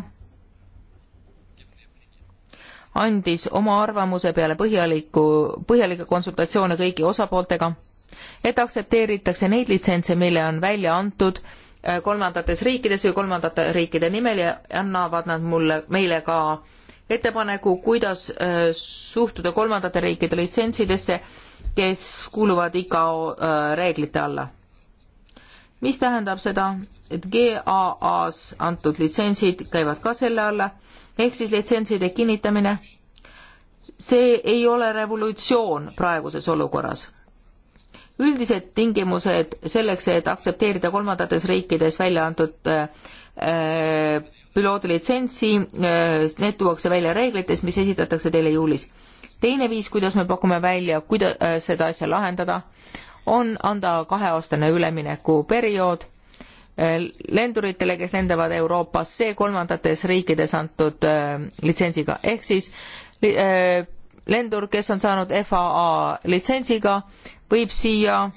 andis oma arvamuse peale põhjaliku, põhjalikke konsultatsioone kõigi osapooltega, et aktsepteeritakse neid litsentse, mille on välja antud äh, kolmandates riikides või kolmandate riikide nimel ja annavad nad mulle, meile ka ettepaneku, kuidas äh, suhtuda kolmandate riikide litsentsidesse kes kuuluvad ICAO äh, reeglite alla. mis tähendab seda, et GAA-s antud litsentsid käivad ka selle alla, ehk siis litsentside kinnitamine, see ei ole revolutsioon praeguses olukorras. üldised tingimused selleks, et aktsepteerida kolmandates riikides välja antud äh, äh piloodilitsentsi, äh, need tuuakse välja reeglites, mis esitatakse teile juulis. teine viis, kuidas me pakume välja, kuidas äh, seda asja lahendada, on anda kaheaastane üleminekuperiood äh, lenduritele, kes lendavad Euroopasse kolmandates riikides antud litsentsiga, ehk siis lendur, kes on saanud FAA litsentsiga, võib siia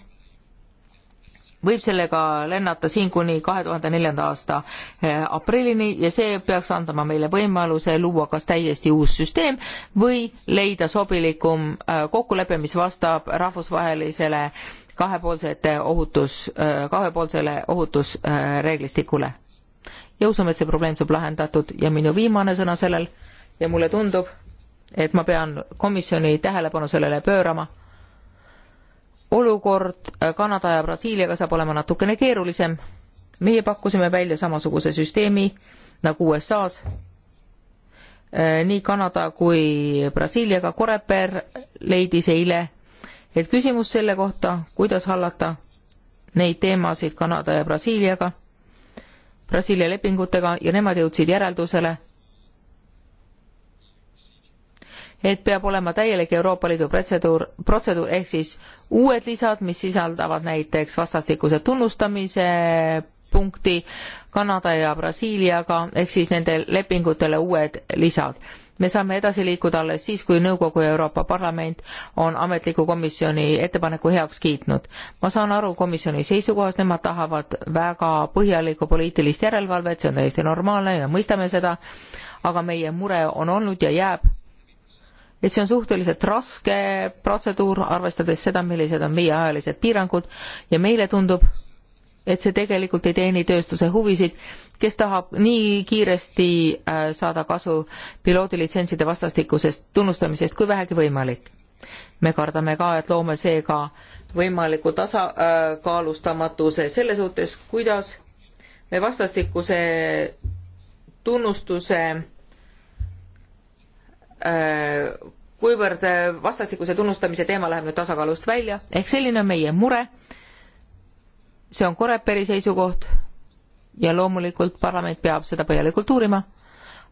võib sellega lennata siin kuni kahe tuhande neljanda aasta eh, aprillini ja see peaks andma meile võimaluse luua kas täiesti uus süsteem või leida sobilikum eh, kokkulepe, mis vastab rahvusvahelisele kahepoolsete ohutus, eh, kahepoolsele ohutusreeglistikule. ja usume, et see probleem saab lahendatud ja minu viimane sõna sellel ja mulle tundub, et ma pean komisjoni tähelepanu sellele pöörama olukord äh, Kanada ja Brasiiliaga saab olema natukene keerulisem. meie pakkusime välja samasuguse süsteemi nagu USA-s. Äh, nii Kanada kui Brasiiliaga, Coreper leidis eile, et küsimus selle kohta, kuidas hallata neid teemasid Kanada ja Brasiiliaga, Brasiilia lepingutega ja nemad jõudsid järeldusele, et peab olema täielik Euroopa Liidu protseduur, protseduur ehk siis uued lisad, mis sisaldavad näiteks vastastikuse tunnustamise punkti Kanada ja Brasiiliaga, ehk siis nende lepingutele uued lisad. me saame edasi liikuda alles siis, kui Nõukogu ja Euroopa Parlament on ametliku komisjoni ettepaneku heaks kiitnud. ma saan aru komisjoni seisukohast, nemad tahavad väga põhjalikku poliitilist järelevalvet, see on täiesti normaalne ja mõistame seda, aga meie mure on olnud ja jääb et see on suhteliselt raske protseduur, arvestades seda, millised on meie ajalised piirangud ja meile tundub, et see tegelikult ei teeni tööstuse huvisid, kes tahab nii kiiresti äh, saada kasu piloodilitsentside vastastikusest tunnustamisest kui vähegi võimalik. me kardame ka, et loome seega võimaliku tasakaalustamatuse äh, selle suhtes, kuidas me vastastikuse tunnustuse äh, kuivõrd äh, vastastikuse tunnustamise teema läheb nüüd tasakaalust välja, ehk selline on meie mure. see on Coreperi seisukoht ja loomulikult parlament peab seda põhjalikult uurima,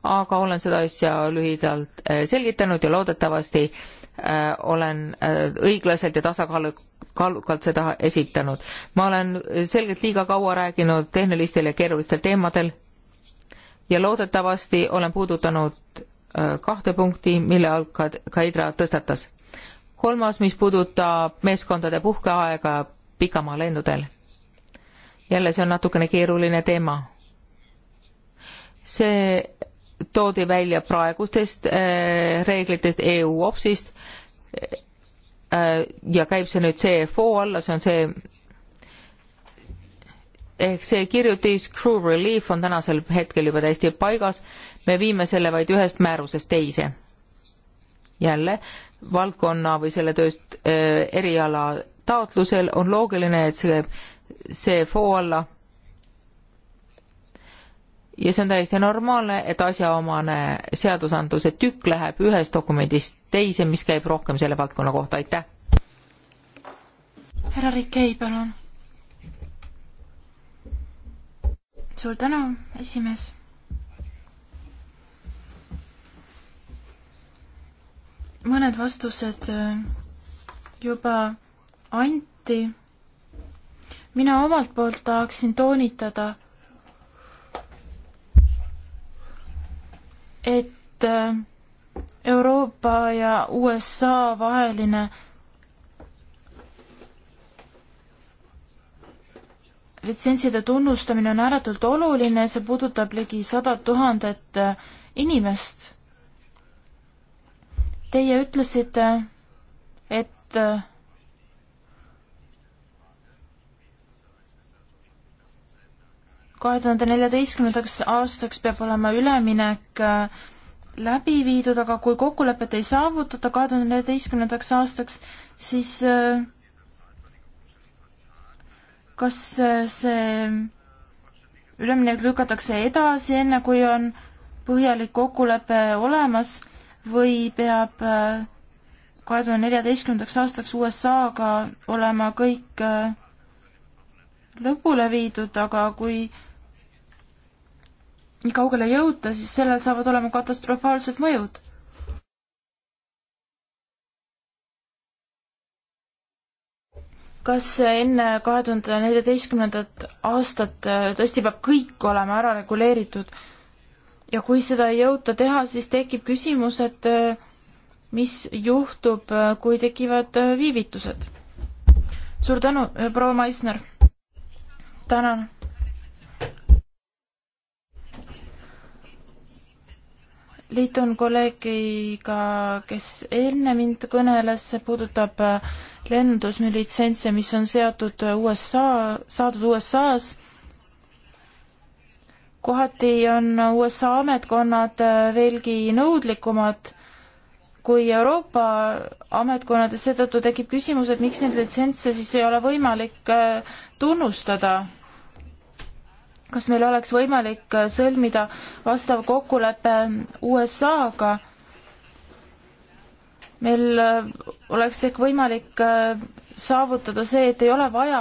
aga olen seda asja lühidalt äh, selgitanud ja loodetavasti äh, olen äh, õiglaselt ja tasakaalukalt seda esitanud. ma olen selgelt liiga kaua rääkinud tehnilistel ja keerulistel teemadel ja loodetavasti olen puudutanud Äh, kahte punkti, mille Al-Qaeda tõstatas. kolmas, mis puudutab meeskondade puhkeaega pikamaa lendudel. jälle, see on natukene keeruline teema. see toodi välja praegustest äh, reeglitest EU OPS-ist äh, ja käib see nüüd CFO alla, see on see ehk see kirjutis Crew Relief on tänasel hetkel juba täiesti paigas, me viime selle vaid ühest määrusest teise. jälle, valdkonna või selle tööst äh, eriala taotlusel on loogiline, et see, see foo alla ja see on täiesti normaalne, et asjaomane seadusandluse tükk läheb ühest dokumendist teise, mis käib rohkem selle valdkonna kohta, aitäh. härra Rikei, palun suur tänu, esimees. mõned vastused äh, juba anti. mina omalt poolt tahaksin toonitada, et äh, Euroopa ja USA vaheline litsentside tunnustamine on ääretult oluline, see puudutab ligi sadat tuhandet äh, inimest. Teie ütlesite, et äh, kahe tuhande neljateistkümnendaks aastaks peab olema üleminek äh, läbi viidud, aga kui kokkulepet ei saavutata kahe tuhande neljateistkümnendaks aastaks, siis äh, kas äh, see üleminek lükatakse edasi, enne kui on põhjalik kokkulepe olemas või peab äh, kahe tuhande neljateistkümnendaks aastaks USA-ga olema kõik äh, lõpule viidud, aga kui nii kaugele jõuta, siis sellel saavad olema katastrofaalsed mõjud kas enne kahe tuhande neljateistkümnendat aastat äh, tõesti peab kõik olema ära reguleeritud? ja kui seda ei jõuta teha, siis tekib küsimus, et äh, mis juhtub, äh, kui tekivad viivitused? suur tänu, proua Maisner! tänan! liitun kolleegiga, kes enne mind kõneles, see puudutab äh, lennundusmilitsentse, mis on seatud USA, saadud USA-s. kohati on USA ametkonnad äh, veelgi nõudlikumad kui Euroopa ametkonnad ja seetõttu tekib küsimus, et miks neid litsentse siis ei ole võimalik äh, tunnustada kas meil oleks võimalik äh, sõlmida vastav kokkulepe USA-ga? meil äh, oleks ehk võimalik äh, saavutada see, et ei ole vaja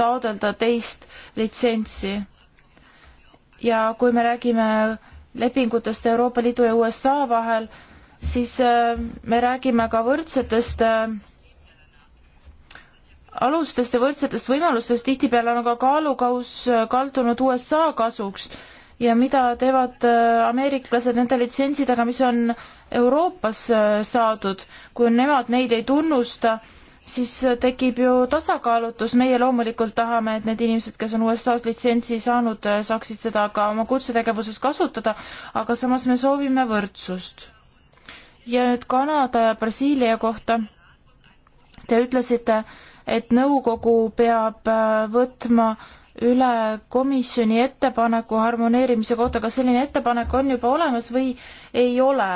taodelda teist litsentsi. ja kui me räägime lepingutest Euroopa Liidu ja USA vahel, siis me räägime ka võrdsetest äh, alustest ja võrdsetest võimalustest tihtipeale on aga kaalukaus äh, kaldunud USA kasuks ja mida teevad äh, ameeriklased nende litsentsidega, mis on Euroopas äh, saadud, kui nemad neid ei tunnusta, siis tekib ju tasakaalutus, meie loomulikult tahame, et need inimesed, kes on USA-s litsentsi saanud, saaksid seda ka oma kutsetegevuses kasutada, aga samas me soovime võrdsust. ja nüüd Kanada ja Brasiilia kohta. Te ütlesite, et nõukogu peab äh, võtma üle komisjoni ettepaneku harmoneerimise kohta, kas selline ettepanek on juba olemas või ei ole?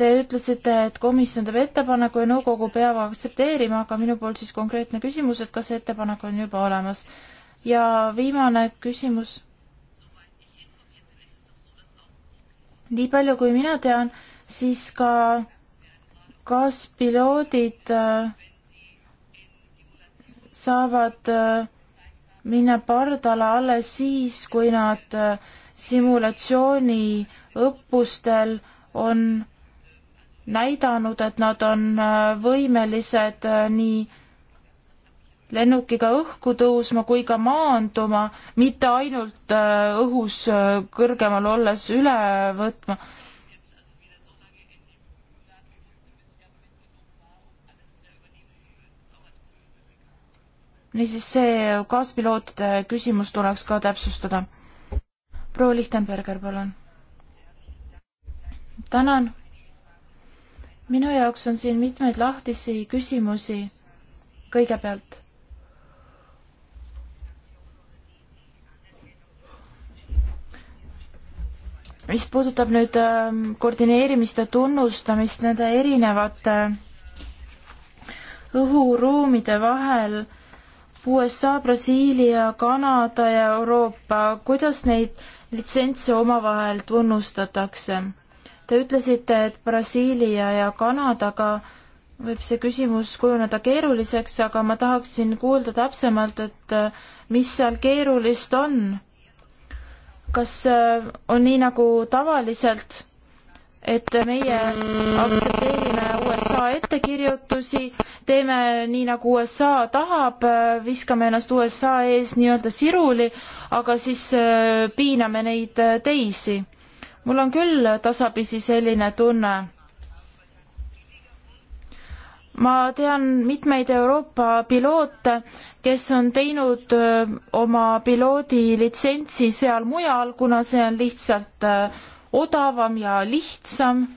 Te ütlesite, et komisjon teeb ettepaneku ja nõukogu peab aktsepteerima, aga minu poolt siis konkreetne küsimus, et kas see ettepanek on juba olemas? ja viimane küsimus. nii palju, kui mina tean, siis ka kaaspiloodid äh, saavad äh, minna pardale alles siis, kui nad äh, simulatsiooni õppustel on näidanud, et nad on äh, võimelised nii lennukiga õhku tõusma kui ka maanduma, mitte ainult õhus kõrgemal olles üle võtma niisiis see kaaspilootide küsimus tuleks ka täpsustada. proua Lichtenberger, palun. tänan. minu jaoks on siin mitmeid lahtisi küsimusi. kõigepealt. mis puudutab nüüd ähm, koordineerimist ja tunnustamist nende erinevate õhuruumide vahel USA, Brasiilia, Kanada ja Euroopa, kuidas neid litsentse omavahel tunnustatakse? Te ütlesite, et Brasiilia ja Kanadaga võib see küsimus kujuneda keeruliseks, aga ma tahaksin kuulda täpsemalt, et äh, mis seal keerulist on? kas äh, on nii nagu tavaliselt, et meie aktsepteerime USA ettekirjutusi, teeme nii, nagu USA tahab, viskame ennast USA ees nii-öelda siruli, aga siis äh, piiname neid äh, teisi. mul on küll tasapisi selline tunne. ma tean mitmeid Euroopa piloote, kes on teinud äh, oma piloodilitsentsi seal mujal, kuna see on lihtsalt odavam ja lihtsam.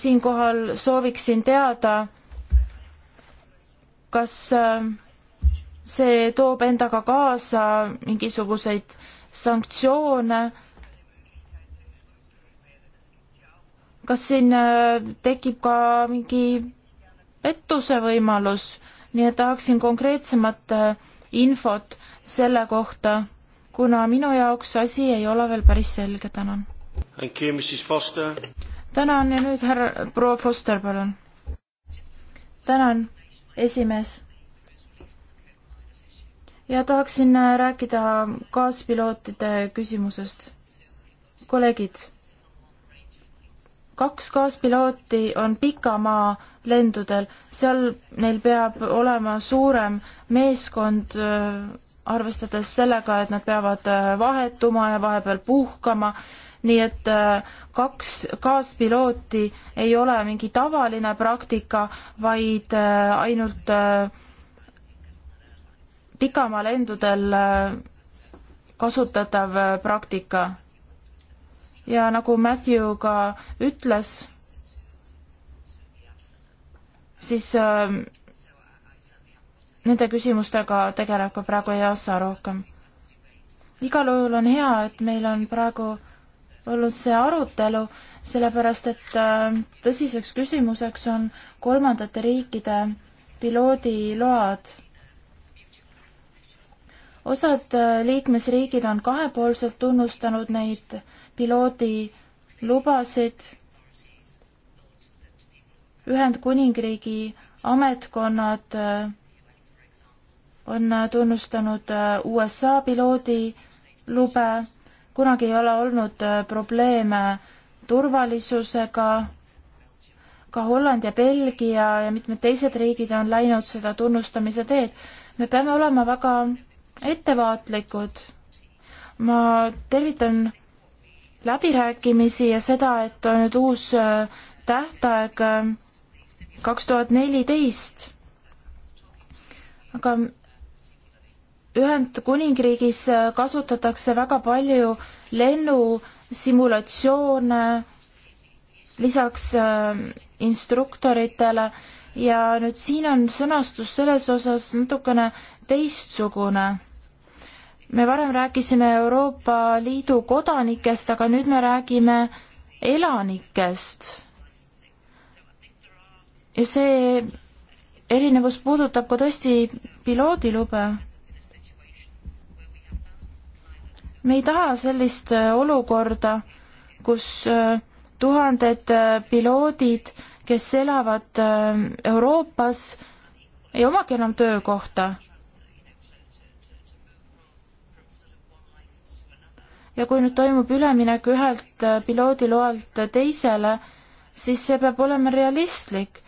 siinkohal sooviksin teada, kas äh, see toob endaga kaasa mingisuguseid sanktsioone kas siin äh, tekib ka mingi pettuse võimalus, nii et tahaksin konkreetsemat äh, infot selle kohta, kuna minu jaoks asi ei ole veel päris selge, tänan tänan ja nüüd härra, proua Foster, palun. tänan, esimees. ja tahaksin äh, rääkida kaaspilootide küsimusest. kolleegid, kaks kaaspilooti on pikamaa lendudel, seal neil peab olema suurem meeskond äh, arvestades sellega, et nad peavad äh, vahetuma ja vahepeal puhkama nii et äh, kaks kaaspilooti ei ole mingi tavaline praktika, vaid äh, ainult äh, pikamaalendudel kasutatav praktika. ja nagu Matthew ka ütles, siis nende küsimustega tegeleb ka praegu EASA rohkem. igal juhul on hea, et meil on praegu olnud see arutelu, sellepärast et äh, tõsiseks küsimuseks on kolmandate riikide piloodiload. osad äh, liikmesriigid on kahepoolselt tunnustanud neid piloodilubasid. Ühendkuningriigi ametkonnad äh, on tunnustanud USA piloodilube kunagi ei ole olnud äh, probleeme turvalisusega, ka Holland ja Belgia ja mitmed teised riigid on läinud seda tunnustamise teed. me peame olema väga ettevaatlikud. ma tervitan läbirääkimisi ja seda, et on nüüd uus äh, tähtaeg äh, kaks tuhat neliteist. aga Ühendkuningriigis äh, kasutatakse väga palju lennusimulatsioone lisaks äh, instruktoritele ja nüüd siin on sõnastus selles osas natukene teistsugune. me varem rääkisime Euroopa Liidu kodanikest, aga nüüd me räägime elanikest. ja see erinevus puudutab ka tõesti piloodilube me ei taha sellist äh, olukorda, kus äh, tuhanded äh, piloodid, kes elavad Euroopas, ei omagi enam töökohta. ja kui nüüd toimub üleminek ühelt piloodiloalt teisele, siis see peab olema realistlik.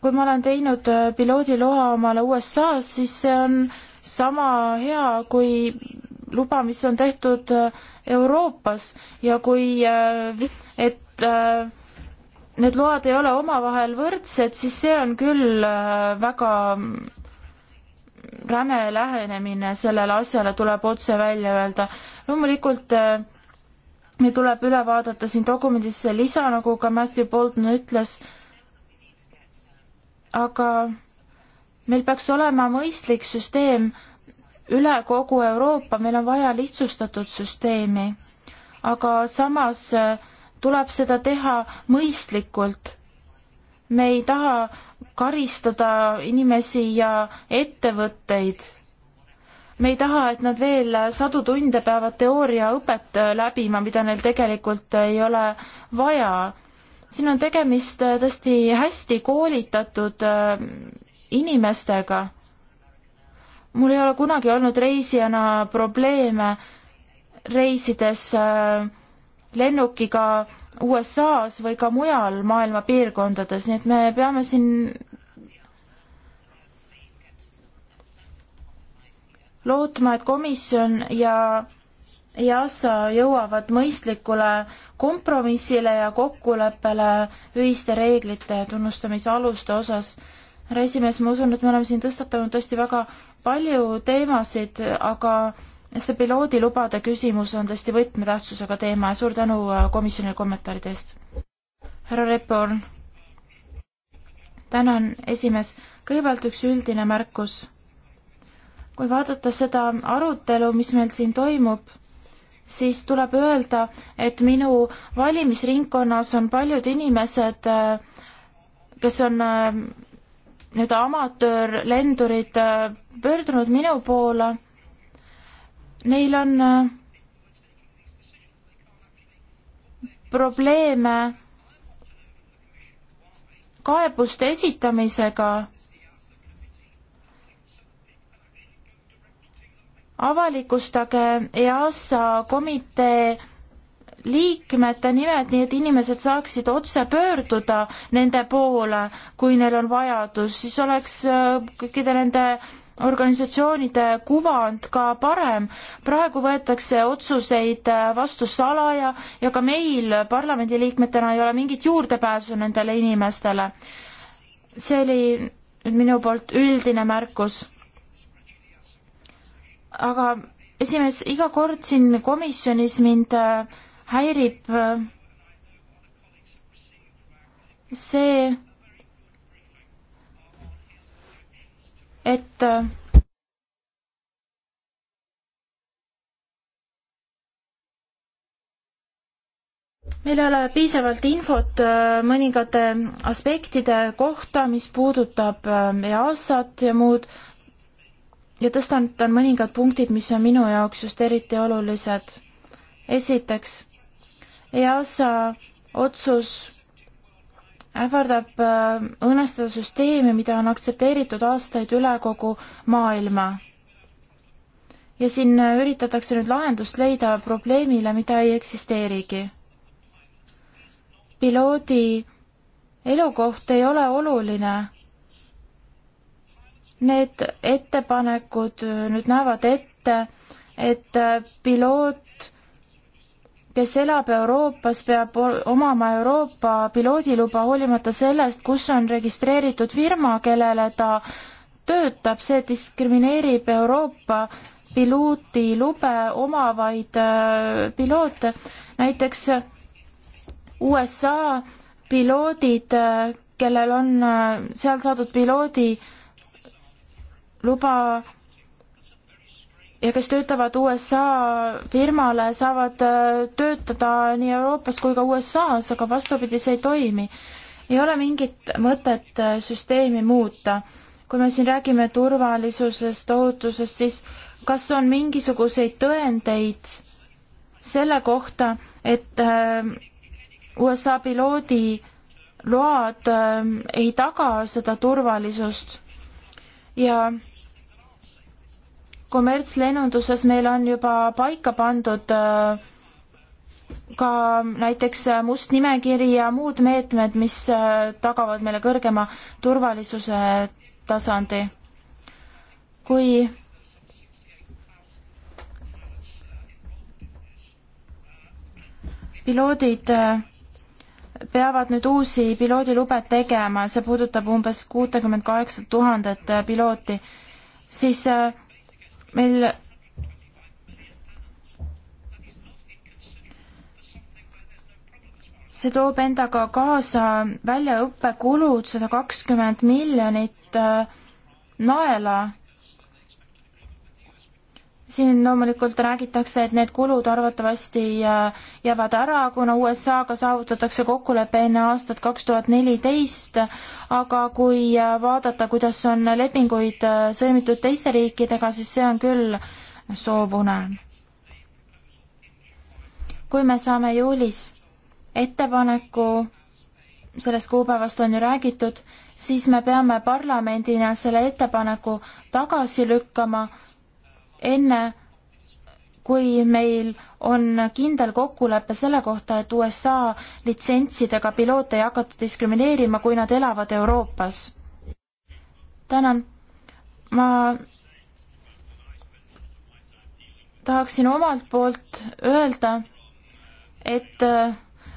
kui ma olen teinud piloodiloa omale USA-s, siis see on sama hea kui luba, mis on tehtud äh, Euroopas ja kui, äh, et äh, need load ei ole omavahel võrdsed, siis see on küll väga mm, räme lähenemine sellele asjale, tuleb otse välja öelda. loomulikult meil tuleb üle vaadata siin dokumendis see lisa, nagu ka Matthew Bolton ütles, aga meil peaks olema mõistlik süsteem üle kogu Euroopa, meil on vaja lihtsustatud süsteemi, aga samas eh, tuleb seda teha mõistlikult. me ei taha karistada inimesi ja ettevõtteid. me ei taha, et nad veel sadu tunde peavad teooriaõpet eh, läbima, mida neil tegelikult ei ole vaja. siin on tegemist eh, tõesti hästi koolitatud inimestega mul ei ole kunagi olnud reisijana probleeme reisides äh, lennukiga USA-s või ka mujal maailma piirkondades, nii et me peame siin lootma, et komisjon ja EASA jõuavad mõistlikule kompromissile ja kokkuleppele ühiste reeglite tunnustamise aluste osas härra esimees, ma usun, et me oleme siin tõstatanud tõesti väga palju teemasid, aga see piloodilubade küsimus on tõesti võtmetähtsusega teema ja suur tänu äh, komisjonile kommentaaride eest. härra Reporn. tänan, esimees. kõigepealt üks üldine märkus. kui vaadata seda arutelu, mis meil siin toimub, siis tuleb öelda, et minu valimisringkonnas on paljud inimesed, äh, kes on äh, nüüd amatöörlendurid äh, pöördunud minu poole, neil on äh, probleeme kaebuste esitamisega. avalikustage EASA komitee liikmete nimed, nii et inimesed saaksid otse pöörduda nende poole, kui neil on vajadus, siis oleks äh, kõikide nende organisatsioonide kuvand ka parem. praegu võetakse otsuseid äh, vastu salaja ja ka meil parlamendiliikmetena ei ole mingit juurdepääsu nendele inimestele. see oli minu poolt üldine märkus. aga esimees, iga kord siin komisjonis mind äh, häirib äh, see, et äh, meil ei ole piisavalt infot äh, mõningate aspektide kohta, mis puudutab EASA-t ja muud ja tõstatan mõningad punktid, mis on minu jaoks just eriti olulised. esiteks, EASA otsus ähvardab äh, õõnestada süsteemi, mida on aktsepteeritud aastaid üle kogu maailma. ja siin äh, üritatakse nüüd lahendust leida probleemile, mida ei eksisteerigi. piloodi elukoht ei ole oluline. Need ettepanekud äh, nüüd näevad ette, et piloot kes elab Euroopas, peab omama Euroopa piloodiluba, hoolimata sellest, kus on registreeritud firma, kellele ta töötab, see diskrimineerib Euroopa piloodilube omavaid äh, piloote. näiteks äh, USA piloodid, äh, kellel on seal saadud piloodi luba ja kes töötavad USA firmale, saavad äh, töötada nii Euroopas kui ka USA-s, aga vastupidi, see ei toimi. ei ole mingit mõtet äh, süsteemi muuta. kui me siin räägime turvalisusest, ohutusest, siis kas on mingisuguseid tõendeid selle kohta, et äh, USA piloodi load ei taga seda turvalisust ja kommertslennunduses meil on juba paika pandud äh, ka näiteks must nimekiri ja muud meetmed, mis äh, tagavad meile kõrgema turvalisuse tasandi. kui piloodid äh, peavad nüüd uusi piloodilube tegema, see puudutab umbes kuutekümmet kaheksa tuhandet pilooti, siis meil see toob endaga kaasa väljaõppekulud sada kakskümmend miljonit äh, naela siin loomulikult räägitakse, et need kulud arvatavasti äh, jäävad ära, kuna USA-ga saavutatakse kokkulepe enne aastat kaks tuhat neliteist, aga kui äh, vaadata, kuidas on lepinguid äh, sõlmitud teiste riikidega, siis see on küll soovune. kui me saame juulis ettepaneku, sellest kuupäevast on ju räägitud, siis me peame parlamendina selle ettepaneku tagasi lükkama enne kui meil on kindel kokkulepe selle kohta, et USA litsentsidega piloote ei hakata diskrimineerima, kui nad elavad Euroopas. tänan. ma tahaksin omalt poolt öelda, et äh,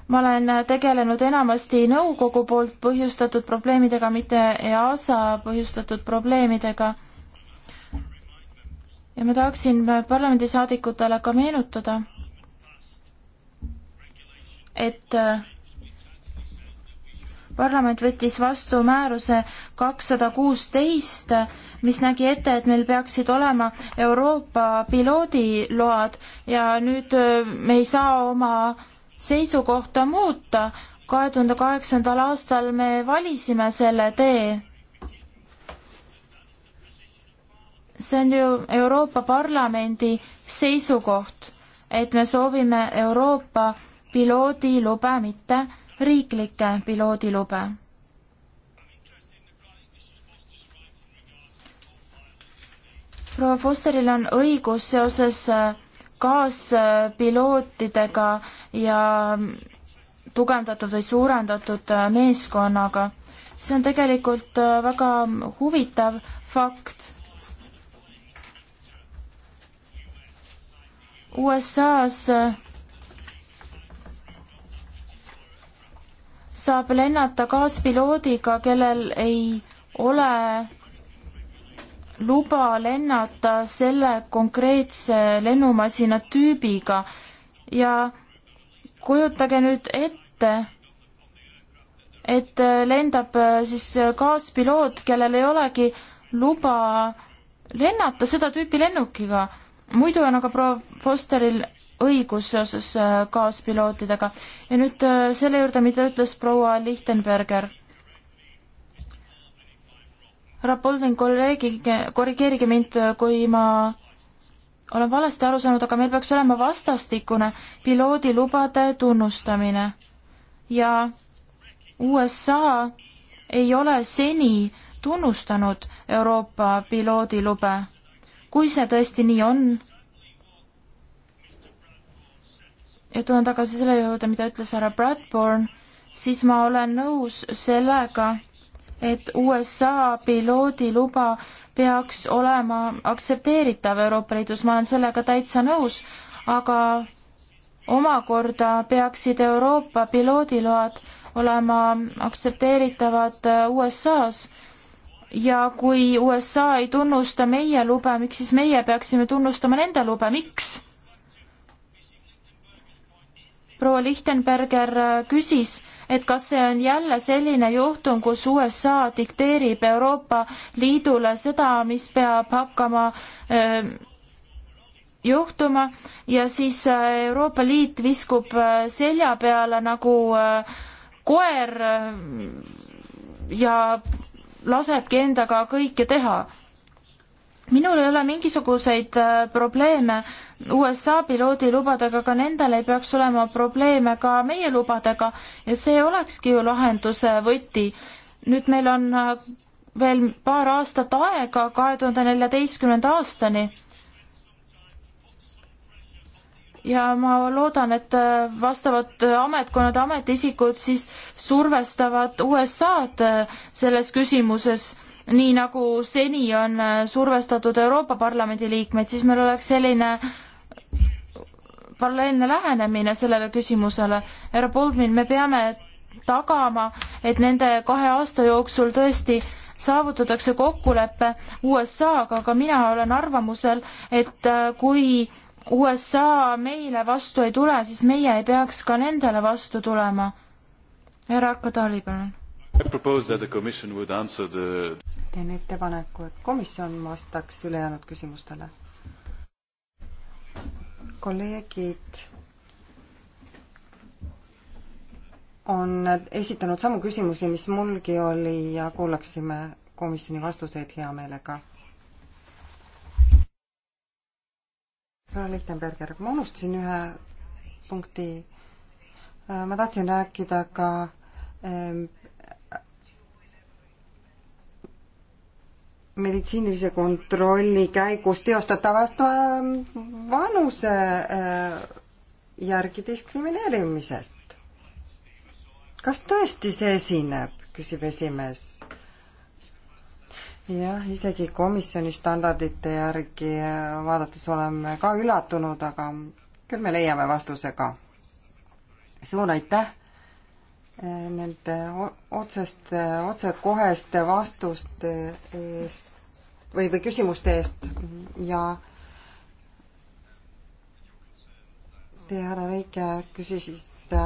ma olen tegelenud enamasti nõukogu poolt põhjustatud probleemidega, mitte EASA põhjustatud probleemidega ja ma tahaksin parlamendisaadikutele ka meenutada, et äh, parlament võttis vastu määruse kakssada kuusteist, mis nägi ette, et meil peaksid olema Euroopa piloodiload ja nüüd äh, me ei saa oma seisukohta muuta. kahe tuhande kaheksandal aastal me valisime selle tee see on ju Euroopa Parlamendi seisukoht, et me soovime Euroopa piloodilube, mitte riiklikke piloodilube. proua Fosteril on õigus seoses äh, kaaspilootidega ja mm, tugevdatud või suurendatud äh, meeskonnaga. see on tegelikult äh, väga huvitav fakt USA-s äh, saab lennata kaaspiloodiga, kellel ei ole luba lennata selle konkreetse lennumasina tüübiga ja kujutage nüüd ette, et äh, lendab äh, siis kaaspiloot, kellel ei olegi luba lennata seda tüüpi lennukiga muidu on aga proua Fosteril õigus seoses äh, kaaspilootidega. ja nüüd äh, selle juurde, mida ütles proua Lichtenberger. härra Polvin, kolleegige, korrigeerige mind, äh, kui ma olen valesti aru saanud, aga meil peaks olema vastastikune piloodilubade tunnustamine. ja USA ei ole seni tunnustanud Euroopa piloodilube kui see tõesti nii on, ja tulen tagasi selle juurde, mida ütles härra Bradburn, siis ma olen nõus sellega, et USA piloodiluba peaks olema aktsepteeritav Euroopa Liidus, ma olen sellega täitsa nõus, aga omakorda peaksid Euroopa piloodiload olema aktsepteeritavad USA-s ja kui USA ei tunnusta meie lube, miks siis meie peaksime tunnustama nende lube, miks? proua Lichtenberger äh, küsis, et kas see on jälle selline juhtum, kus USA dikteerib Euroopa Liidule seda, mis peab hakkama öö, äh, juhtuma ja siis äh, Euroopa Liit viskub selja peale nagu öö, koer öö, ja lasebki endaga kõike teha. minul ei ole mingisuguseid äh, probleeme USA piloodilubadega, aga nendel ei peaks olema probleeme ka meie lubadega ja see olekski ju lahenduse võti. nüüd meil on äh, veel paar aastat aega kahe tuhande neljateistkümnenda aastani ja ma loodan, et äh, vastavad äh, ametkonnad, ametiisikud siis survestavad USA-d äh, selles küsimuses, nii nagu seni on survestatud Euroopa Parlamendi liikmeid, siis meil oleks selline paralleelne lähenemine sellele küsimusele. härra Boldvin, me peame tagama, et nende kahe aasta jooksul tõesti saavutatakse kokkulepe USA-ga, aga mina olen arvamusel, et kui USA meile vastu ei tule, siis meie ei peaks ka nendele vastu tulema. härra Akadali, palun. teen ettepaneku, et komisjon vastaks ülejäänud küsimustele. kolleegid on esitanud samu küsimusi, mis mulgi oli ja kuulaksime komisjoni vastuseid hea meelega proua Lichtenberger, ma unustasin ühe punkti. Äh, ma tahtsin rääkida ka ähm, meditsiinilise kontrolli käigus teostatavast ähm, vanuse äh, järgi diskrimineerimisest. kas tõesti see esineb, küsib esimees jah, isegi komisjoni standardite järgi äh, vaadates oleme ka üllatunud, aga küll me leiame vastuse ka. suur aitäh äh, nende otseste, äh, otsekoheste vastuste eest või, või küsimuste eest ja Teie, härra Reike, küsisite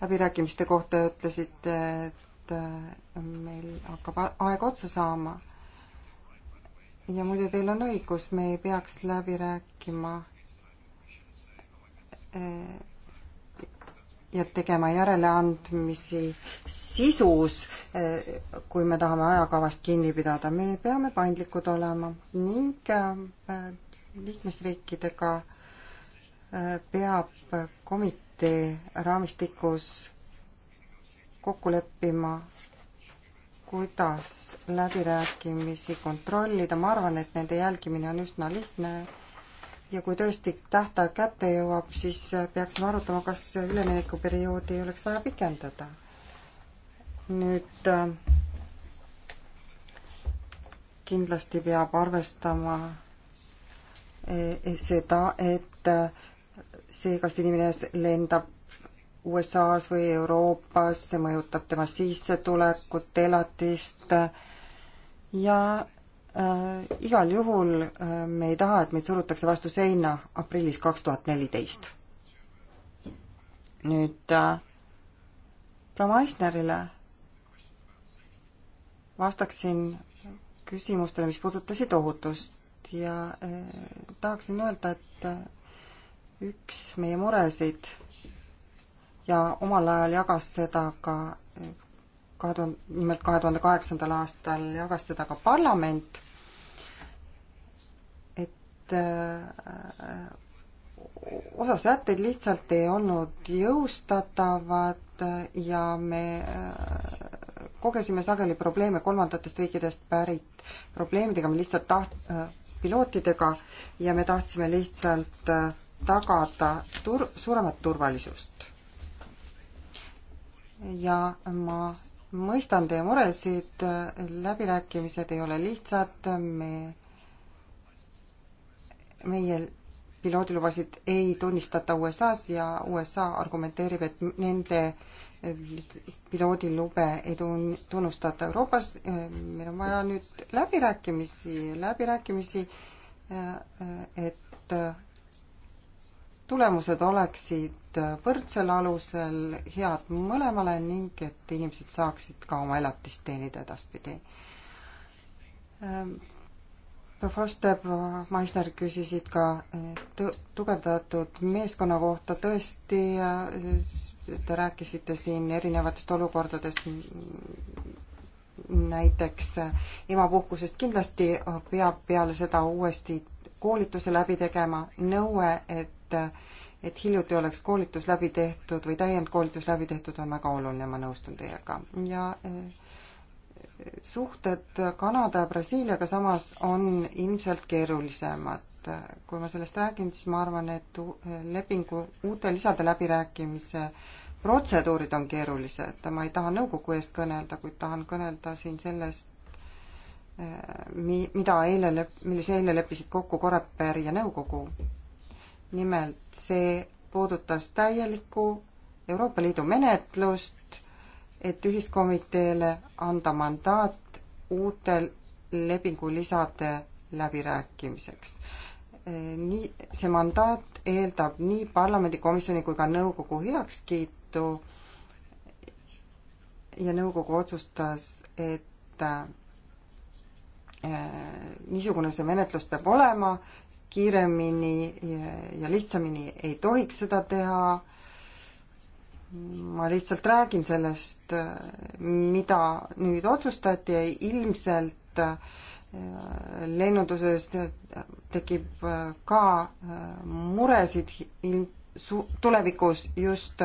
läbirääkimiste kohta ja ütlesite, et Äh, meil hakkab aeg otsa saama. ja muide, teil on õigus, me ei peaks läbi rääkima äh, ja tegema järeleandmisi sisus, äh, kui me tahame ajakavast kinni pidada. me peame paindlikud olema ning liikmesriikidega peab komitee raamistikus kokku leppima, kuidas läbirääkimisi kontrollida, ma arvan, et nende jälgimine on üsna lihtne ja kui tõesti tähtaeg kätte jõuab, siis peaksime arutama, kas üleminekuperioodi ei oleks vaja pikendada. nüüd kindlasti peab arvestama eh, seda, et eh, see, kas inimene lendab USA-s või Euroopas, see mõjutab tema sissetulekut, elatist ja äh, igal juhul äh, me ei taha, et meid surutakse vastu seina aprillis kaks tuhat neliteist. nüüd äh, proua Meissnerile vastaksin küsimustele, mis puudutasid ohutust ja äh, tahaksin öelda, et äh, üks meie muresid ja omal ajal jagas seda ka kahe tuhande, nimelt kahe tuhande kaheksandal aastal jagas seda ka parlament, et äh, osa sätteid lihtsalt ei olnud jõustatavad ja me äh, kogesime sageli probleeme kolmandatest riikidest pärit probleemidega, me lihtsalt taht-, äh, pilootidega ja me tahtsime lihtsalt tagada tur-, suuremat turvalisust ja ma mõistan teie muresid, läbirääkimised ei ole lihtsad, me, meie piloodilubasid ei tunnistata USA-s ja USA argumenteerib, et nende piloodilube ei tun-, tunnustata Euroopas, meil on vaja nüüd läbirääkimisi, läbirääkimisi, et tulemused oleksid võrdsel alusel, head mõlemale ning et inimesed saaksid ka oma elatist teenida edaspidi. proua Foster, proua Maisner küsisid ka tugevdatud meeskonna kohta, tõesti te rääkisite siin erinevatest olukordadest, näiteks emapuhkusest, kindlasti peab peale seda uuesti koolituse läbi tegema, nõue, et et hiljuti oleks koolitus läbi tehtud või täiendkoolitus läbi tehtud, on väga oluline, ma nõustun teiega. ja eh, suhted Kanada ja Brasiiliaga samas on ilmselt keerulisemad. kui ma sellest räägin, siis ma arvan, et lepingu uute lisade läbirääkimise protseduurid on keerulised, ma ei taha nõukogu eest kõnelda, kuid tahan kõnelda siin sellest, eh, mi-, mida eile lep-, milles eile leppisid kokku Koreper ja nõukogu nimelt see puudutas täielikku Euroopa Liidu menetlust, et ühiskomiteele anda mandaat uute lepingulisade läbirääkimiseks. nii, see mandaat eeldab nii parlamendikomisjoni kui ka nõukogu heakskiitu ja nõukogu otsustas, et äh, niisugune see menetlus peab olema kiiremini ja lihtsamini ei tohiks seda teha. ma lihtsalt räägin sellest, mida nüüd otsustati ja ilmselt äh, lennunduses tekib äh, ka äh, muresid tulevikus just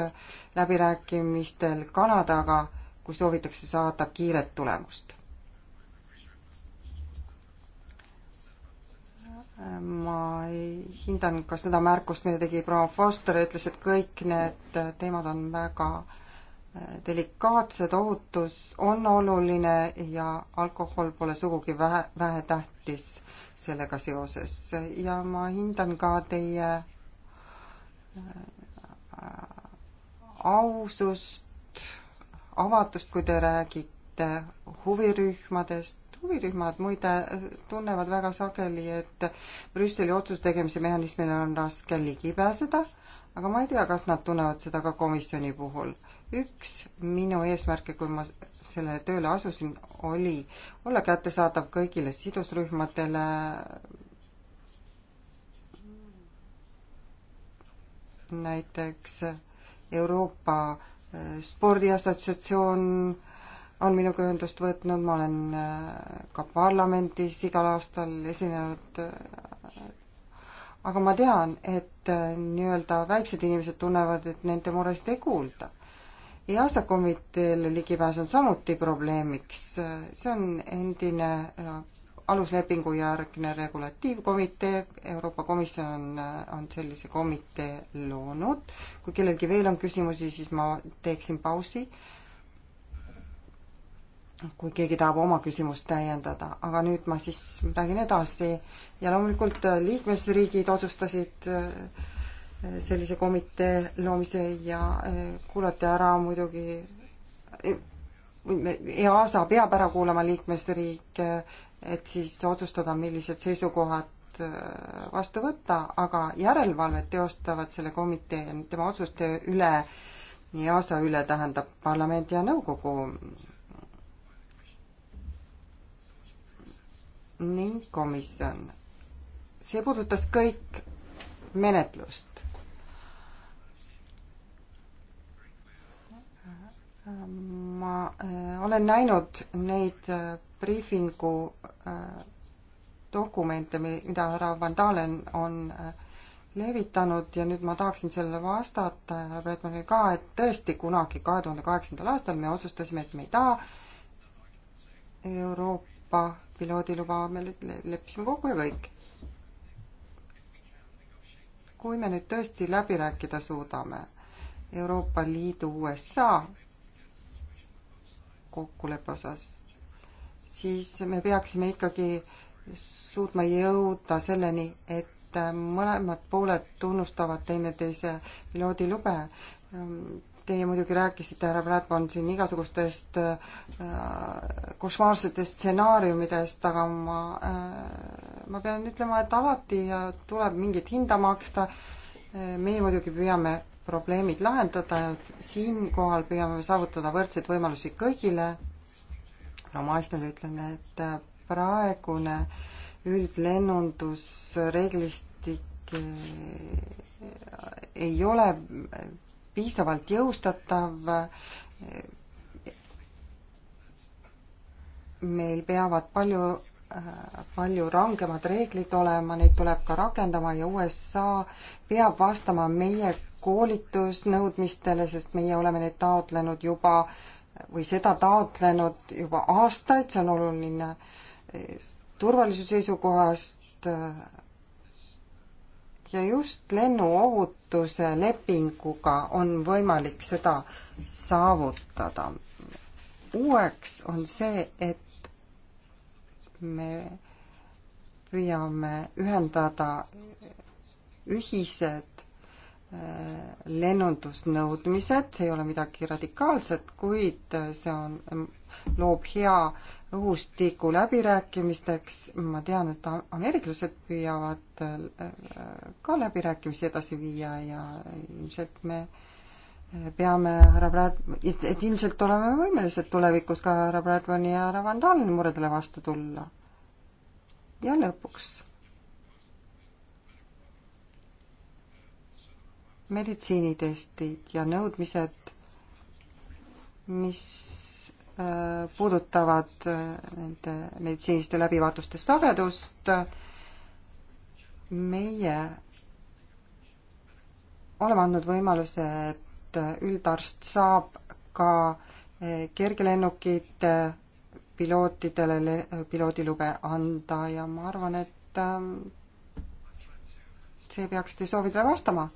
läbirääkimistel Kanadaga, kui soovitakse saada kiiret tulemust ma hindan ka seda märkust, mida tegi proua Foster, ütles, et kõik need teemad on väga äh, delikaatsed, ohutus on oluline ja alkohol pole sugugi vähe, vähetähtis sellega seoses ja ma hindan ka teie äh, ausust, avatust, kui te räägite huvirühmadest, huvirühmad muide tunnevad väga sageli, et Brüsseli otsuse tegemise mehhanismile on raske ligi pääseda, aga ma ei tea, kas nad tunnevad seda ka komisjoni puhul. üks minu eesmärke, kui ma sellele tööle asusin, oli olla kättesaadav kõigile sidusrühmadele, näiteks Euroopa spordiassotsiatsioon, on minuga ühendust võtnud, ma olen äh, ka parlamendis igal aastal esinenud. Äh, aga ma tean, et äh, nii-öelda väiksed inimesed tunnevad, et nende muresid ei kuulda. EASA komiteele ligipääs on samuti probleemiks, see on endine aluslepingu järgne regulatiivkomitee, Euroopa Komisjon on, on sellise komitee loonud. kui kellelgi veel on küsimusi, siis ma teeksin pausi kui keegi tahab oma küsimust täiendada, aga nüüd ma siis räägin edasi ja loomulikult äh, liikmesriigid otsustasid äh, sellise komitee loomise ja äh, kuulati ära muidugi, EASA peab ära kuulama liikmesriike, et siis otsustada, millised seisukohad vastu võtta, aga järelevalvet teostavad selle komitee, tema otsuste üle, EASA üle tähendab parlament ja nõukogu ning komisjon. see puudutas kõik menetlust. ma äh, olen näinud neid äh, briifingu äh, dokumente, mida härra Van Dalen on levitanud ja nüüd ma tahaksin sellele vastata ja härra Bretmanile ka, et tõesti kunagi kahe tuhande kaheksandal aastal me otsustasime, et me ei taha Euroopa piloodiluba me leppisime kokku ja kõik. kui me nüüd tõesti läbi rääkida suudame Euroopa Liidu USA kokkuleppe osas, siis me peaksime ikkagi suutma jõuda selleni, et mõlemad pooled tunnustavad teineteise piloodilube Teie muidugi rääkisite, härra Bradburn, siin igasugustest äh, košmaarsetest stsenaariumidest, aga ma äh,, ma pean ütlema, et alati tuleb mingit hinda maksta. Äh, meie muidugi püüame probleemid lahendada ja siinkohal püüame saavutada võrdseid võimalusi kõigile. oma asjale ütlen, et äh, praegune üldlennundusreeglistik äh, ei ole piisavalt jõustatav. meil peavad palju, palju rangemad reeglid olema, neid tuleb ka rakendama ja USA peab vastama meie koolitusnõudmistele, sest meie oleme neid taotlenud juba või seda taotlenud juba aastaid, see on oluline turvalisuse seisukohast, ja just lennuohutuse lepinguga on võimalik seda saavutada. uueks on see, et me püüame ühendada ühised äh, lennundusnõudmised, see ei ole midagi radikaalset, kuid äh, see on, loob hea õhustiku läbirääkimisteks, ma tean, et ameeriklased püüavad äh, ka läbirääkimisi edasi viia ja ilmselt me äh, peame härra Brad-, et ilmselt oleme võimelised tulevikus ka härra Bradmani ja härra Van Dalen muredele vastu tulla. ja lõpuks. meditsiinitestid ja nõudmised, mis Äh, puudutavad äh, nende meditsiiniliste läbivaatuste sagedust. meie oleme andnud võimaluse, et üldarst saab ka äh, kergelennukite pilootidele piloodilube anda ja ma arvan, et ähm, see peaks teie soovidele vastama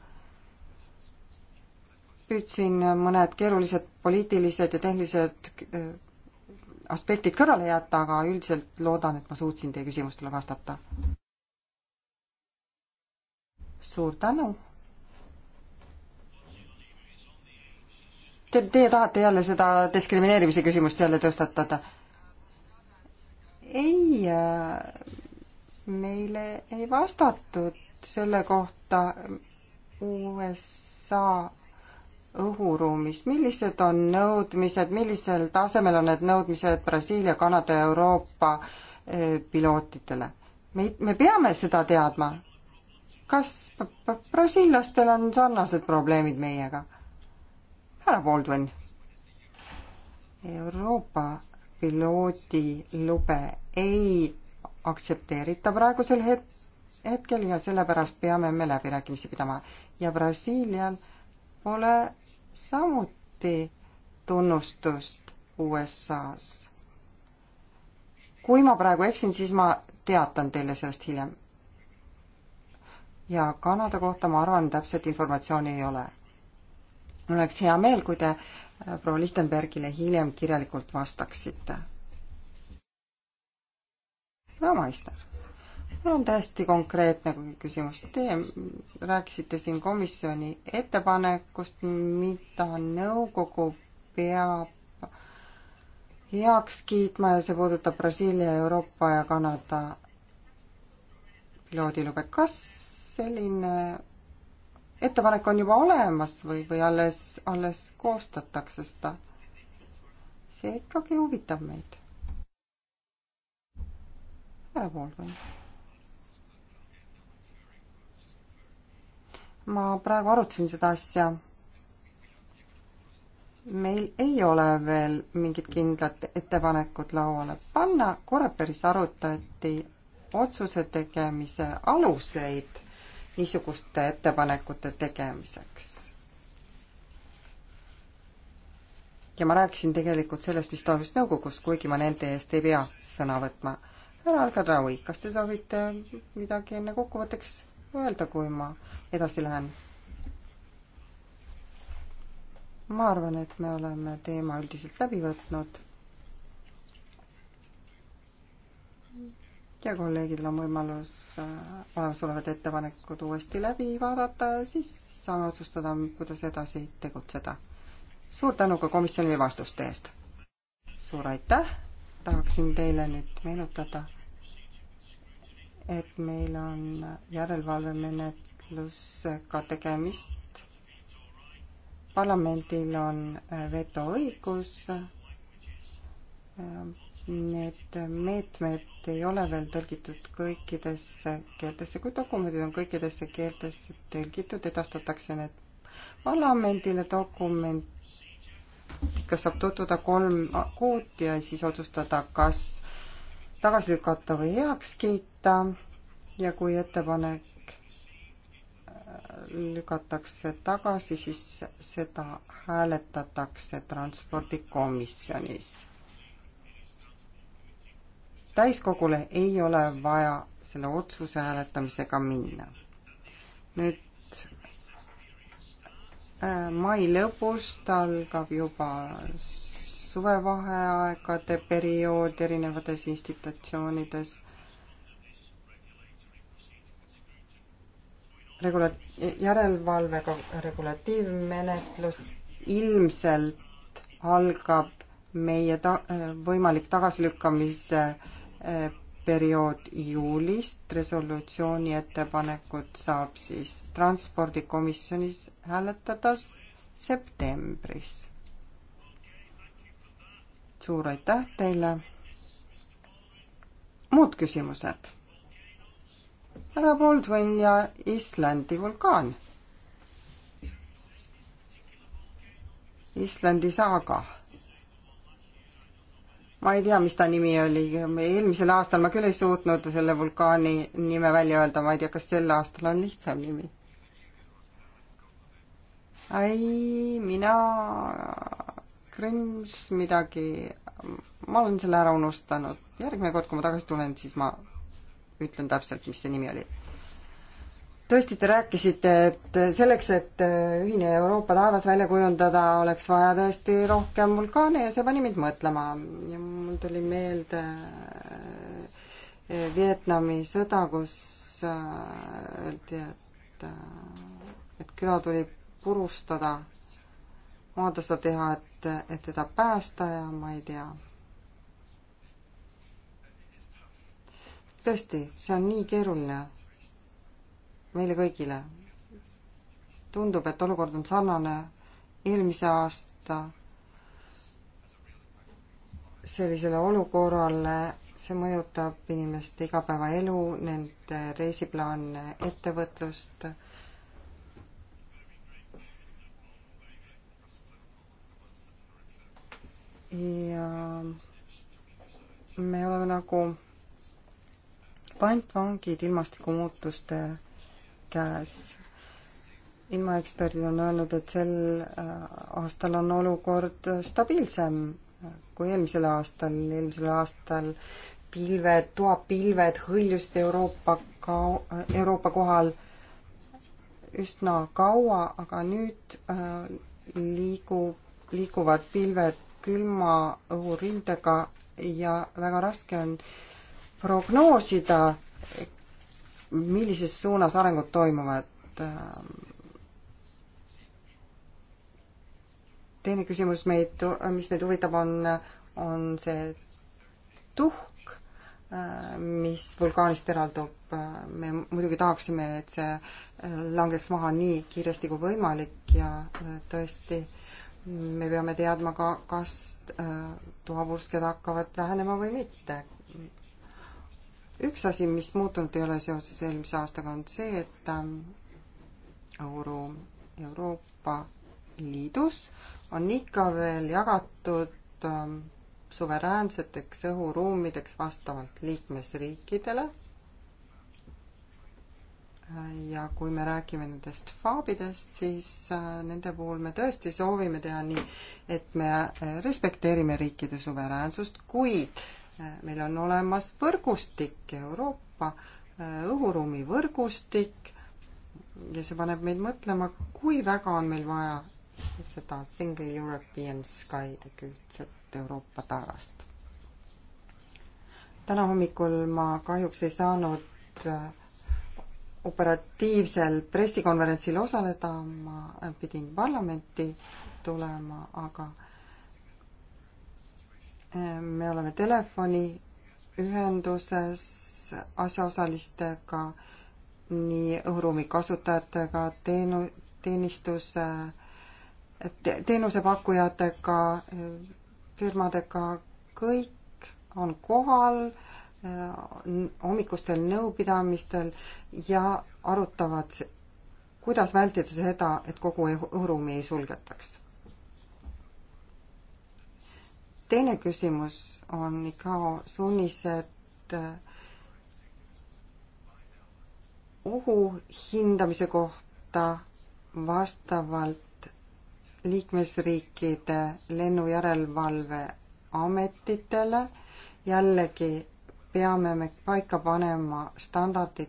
püüdsin mõned keerulised poliitilised ja tehnilised äh, aspektid kõrvale jätta, aga üldiselt loodan, et ma suutsin teie küsimustele vastata. suur tänu. Te, teie tahate jälle seda diskrimineerimise küsimust jälle tõstatada? ei, äh, meile ei vastatud selle kohta USA õhuruumist, millised on nõudmised, millisel tasemel on need nõudmised Brasiilia, Kanada ja Euroopa eh, pilootidele? me, me peame seda teadma. kas brasiillastel on sarnased probleemid meiega? härra Baldwin. Euroopa piloodilube ei aktsepteerita praegusel het-, hetkel ja sellepärast peame me läbirääkimisi pidama ja Brasiilial pole samuti tunnustust USA-s. kui ma praegu eksin, siis ma teatan teile sellest hiljem. ja Kanada kohta ma arvan, täpset informatsiooni ei ole. mul oleks hea meel, kui te äh, proua Lichtenbergile hiljem kirjalikult vastaksite. Raamaister mul on täiesti konkreetne küsimus. Teie rääkisite siin komisjoni ettepanekust, mida nõukogu peab heaks kiitma ja see puudutab Brasiilia, Euroopa ja Kanada piloodilube. kas selline ettepanek on juba olemas või, või alles, alles koostatakse seda? see ikkagi huvitab meid. ära pool või? ma praegu arutasin seda asja. meil ei ole veel mingit kindlat ettepanekut lauale panna, Koreperis arutati otsuse tegemise aluseid niisuguste ettepanekute tegemiseks. ja ma rääkisin tegelikult sellest, mis toimus nõukogus, kuigi ma nende eest ei pea sõna võtma. härra Algar-Raui, kas te soovite midagi enne kokkuvõtteks öelda, kui ma edasi lähen. ma arvan, et me oleme teema üldiselt läbi võtnud. ja kolleegidel on võimalus äh, olemasolevad ettepanekud uuesti läbi vaadata ja siis saame otsustada, kuidas edasi tegutseda. suur tänu ka komisjonile vastuste eest. suur aitäh, tahaksin teile nüüd meenutada et meil on järelevalvemenetlus ka tegemist. parlamendil on äh, vetoõigus. Äh, need meetmed ei ole veel tõlgitud kõikidesse keeltesse, kui dokumendid on kõikidesse keeltesse tõlgitud, edastatakse need parlamendile dokument, kas saab tutvuda kolm kuud ja siis otsustada, kas tagasi lükata või heaks kiita ja kui ettepanek äh, lükatakse tagasi, siis seda hääletatakse transpordikomisjonis. täiskogule ei ole vaja selle otsuse hääletamisega minna. nüüd äh, mai lõpust algab juba suvevaheaegade periood erinevates institutsioonides. regula-, järelevalvega regulatiivmenetlus ilmselt algab meie ta-, võimalik tagasilükkamise eh, periood juulist, resolutsiooni ettepanekut saab siis transpordikomisjonis hääletada septembris suur aitäh teile. muud küsimused? härra Baldwin ja Islandi vulkaan. Islandi saaga. ma ei tea, mis ta nimi oli, eelmisel aastal ma küll ei suutnud selle vulkaani nime välja öelda, ma ei tea, kas sel aastal on lihtsam nimi. ei, mina Krimmis midagi, ma olen selle ära unustanud. järgmine kord, kui ma tagasi tulen, siis ma ütlen täpselt, mis see nimi oli. tõesti, te rääkisite, et selleks, et ühine Euroopa taevas välja kujundada, oleks vaja tõesti rohkem vulkaane ja see pani mind mõtlema ja mul tuli meelde eh, Vietnami sõda, kus eh, öeldi, et, eh, et küla tuli purustada, maad osta teha, et et, et teda päästa ja ma ei tea. tõesti, see on nii keeruline meile kõigile. tundub, et olukord on sarnane eelmise aasta sellisele olukorrale, see mõjutab inimeste igapäevaelu, nende reisiplaane, ettevõtlust ja me oleme nagu pantvangid ilmastikumuutuste käes. ilmaeksperdid on öelnud, et sel äh, aastal on olukord stabiilsem kui eelmisel aastal. eelmisel aastal pilved, toapilved hõljusid Euroopa kau-, Euroopa kohal üsna kaua, aga nüüd äh, liigub, liiguvad pilved külma õhurindega ja väga raske on prognoosida, millises suunas arengud toimuvad. teine küsimus meid, mis meid huvitab, on, on see tuhk, mis vulkaanist eraldub. me muidugi tahaksime, et see langeks maha nii kiiresti kui võimalik ja tõesti äh, me peame teadma ka, kas äh, tuhavursked hakkavad vähenema või mitte. üks asi, mis muutunud ei ole seoses eelmise aastaga, on see, et ähm, euro, Euroopa Liidus on ikka veel jagatud ähm, suveräänseteks õhuruumideks vastavalt liikmesriikidele ja kui me räägime nendest faabidest, siis äh, nende puhul me tõesti soovime teha nii, et me äh, respekteerime riikide suveräänsust, kuid äh, meil on olemas võrgustik, Euroopa õhuruumi võrgustik ja see paneb meid mõtlema, kui väga on meil vaja seda Single European Sky'd ehk ühtset Euroopa taevast. täna hommikul ma kahjuks ei saanud äh, operatiivsel pressikonverentsil osaleda, ma pidin parlamenti tulema, aga eh, me oleme telefoniühenduses asjaosalistega, nii õhuruumi kasutajatega, teenu-, teenistuse, teenusepakkujatega, eh, firmadega, kõik on kohal äh, Äh, hommikustel nõupidamistel ja arutavad, kuidas vältida seda, et kogu õhuruumi ei sulgetaks. teine küsimus on ICAO suunised äh, ohu hindamise kohta vastavalt liikmesriikide lennujärelevalveametitele jällegi peame me paika panema standardid,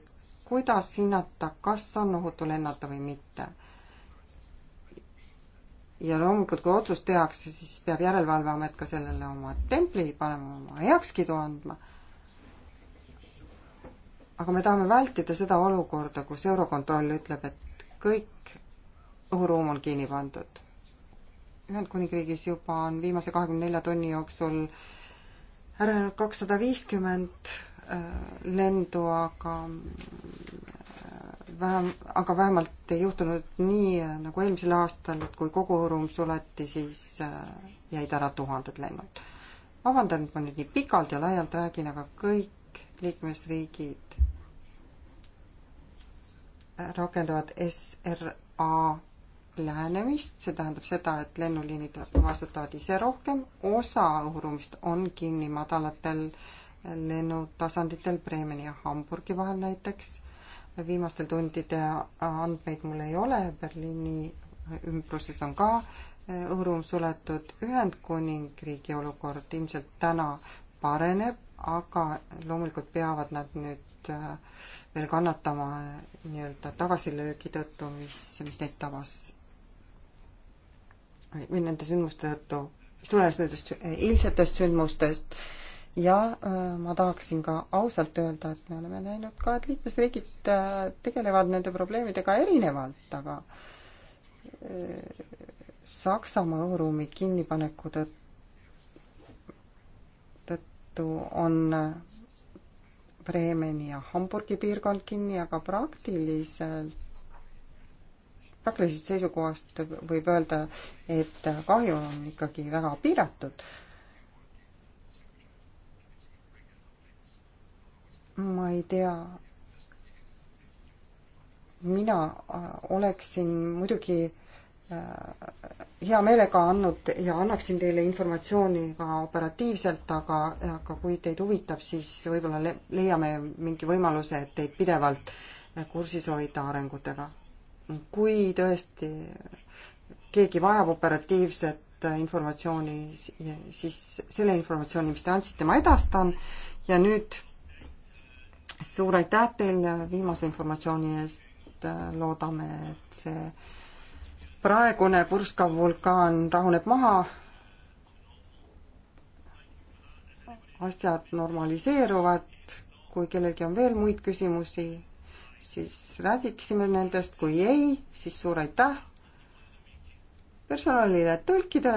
kuidas hinnata, kas on ohutu lennata või mitte. ja loomulikult, kui otsus tehakse, siis peab Järelevalveamet ka sellele oma templi panema, oma heakskiidu andma aga me tahame vältida seda olukorda, kus Eurokontroll ütleb, et kõik õhuruum on kinni pandud. Ühendkuningriigis juba on viimase kahekümne nelja tunni jooksul ära jäänud kakssada viiskümmend äh, lendu, aga äh, vähem, aga vähemalt ei juhtunud nii äh, nagu eelmisel aastal, et kui kogu õhuruum suleti, siis jäid ära tuhanded lennud. vabandan, et ma nüüd nii pikalt ja laialt räägin, aga kõik liikmesriigid rakendavad SRA lähenemist, see tähendab seda, et lennuliinid vastutavad ise rohkem, osa õhuruumist on kinni madalatel lennutasanditel Bremeni ja Hamburgi vahel näiteks. viimastel tundide andmeid mul ei ole, Berliini ümbruses on ka õhuruum suletud, Ühendkuningriigi olukord ilmselt täna pareneb, aga loomulikult peavad nad nüüd äh, veel kannatama nii-öelda tagasilöögi tõttu, mis, mis neid tabas või nende sündmuste tõttu, mis tulenes nendest eilsetest sündmustest ja äh, ma tahaksin ka ausalt öelda, et me oleme näinud ka, et liikmesriigid äh, tegelevad nende probleemidega erinevalt, aga äh, Saksamaa õhuruumi kinnipaneku tõttu on Bremeni ja Hamburgi piirkond kinni, aga praktiliselt praktilisest seisukohast võib öelda, et kahju on ikkagi väga piiratud. ma ei tea, mina äh, oleksin muidugi äh, hea meelega andnud ja annaksin teile informatsiooni ka operatiivselt, aga, aga kui teid huvitab, siis võib-olla leiame mingi võimaluse, et teid pidevalt kursis hoida arengutega kui tõesti keegi vajab operatiivset informatsiooni, siis selle informatsiooni, mis te andsite, ma edastan ja nüüd suur aitäh teile viimase informatsiooni eest, loodame, et see praegune purskav vulkaan rahuneb maha, asjad normaliseeruvad, kui kellelgi on veel muid küsimusi, siis räägiksime nendest, kui ei, siis suur aitäh personalile, tõlkide,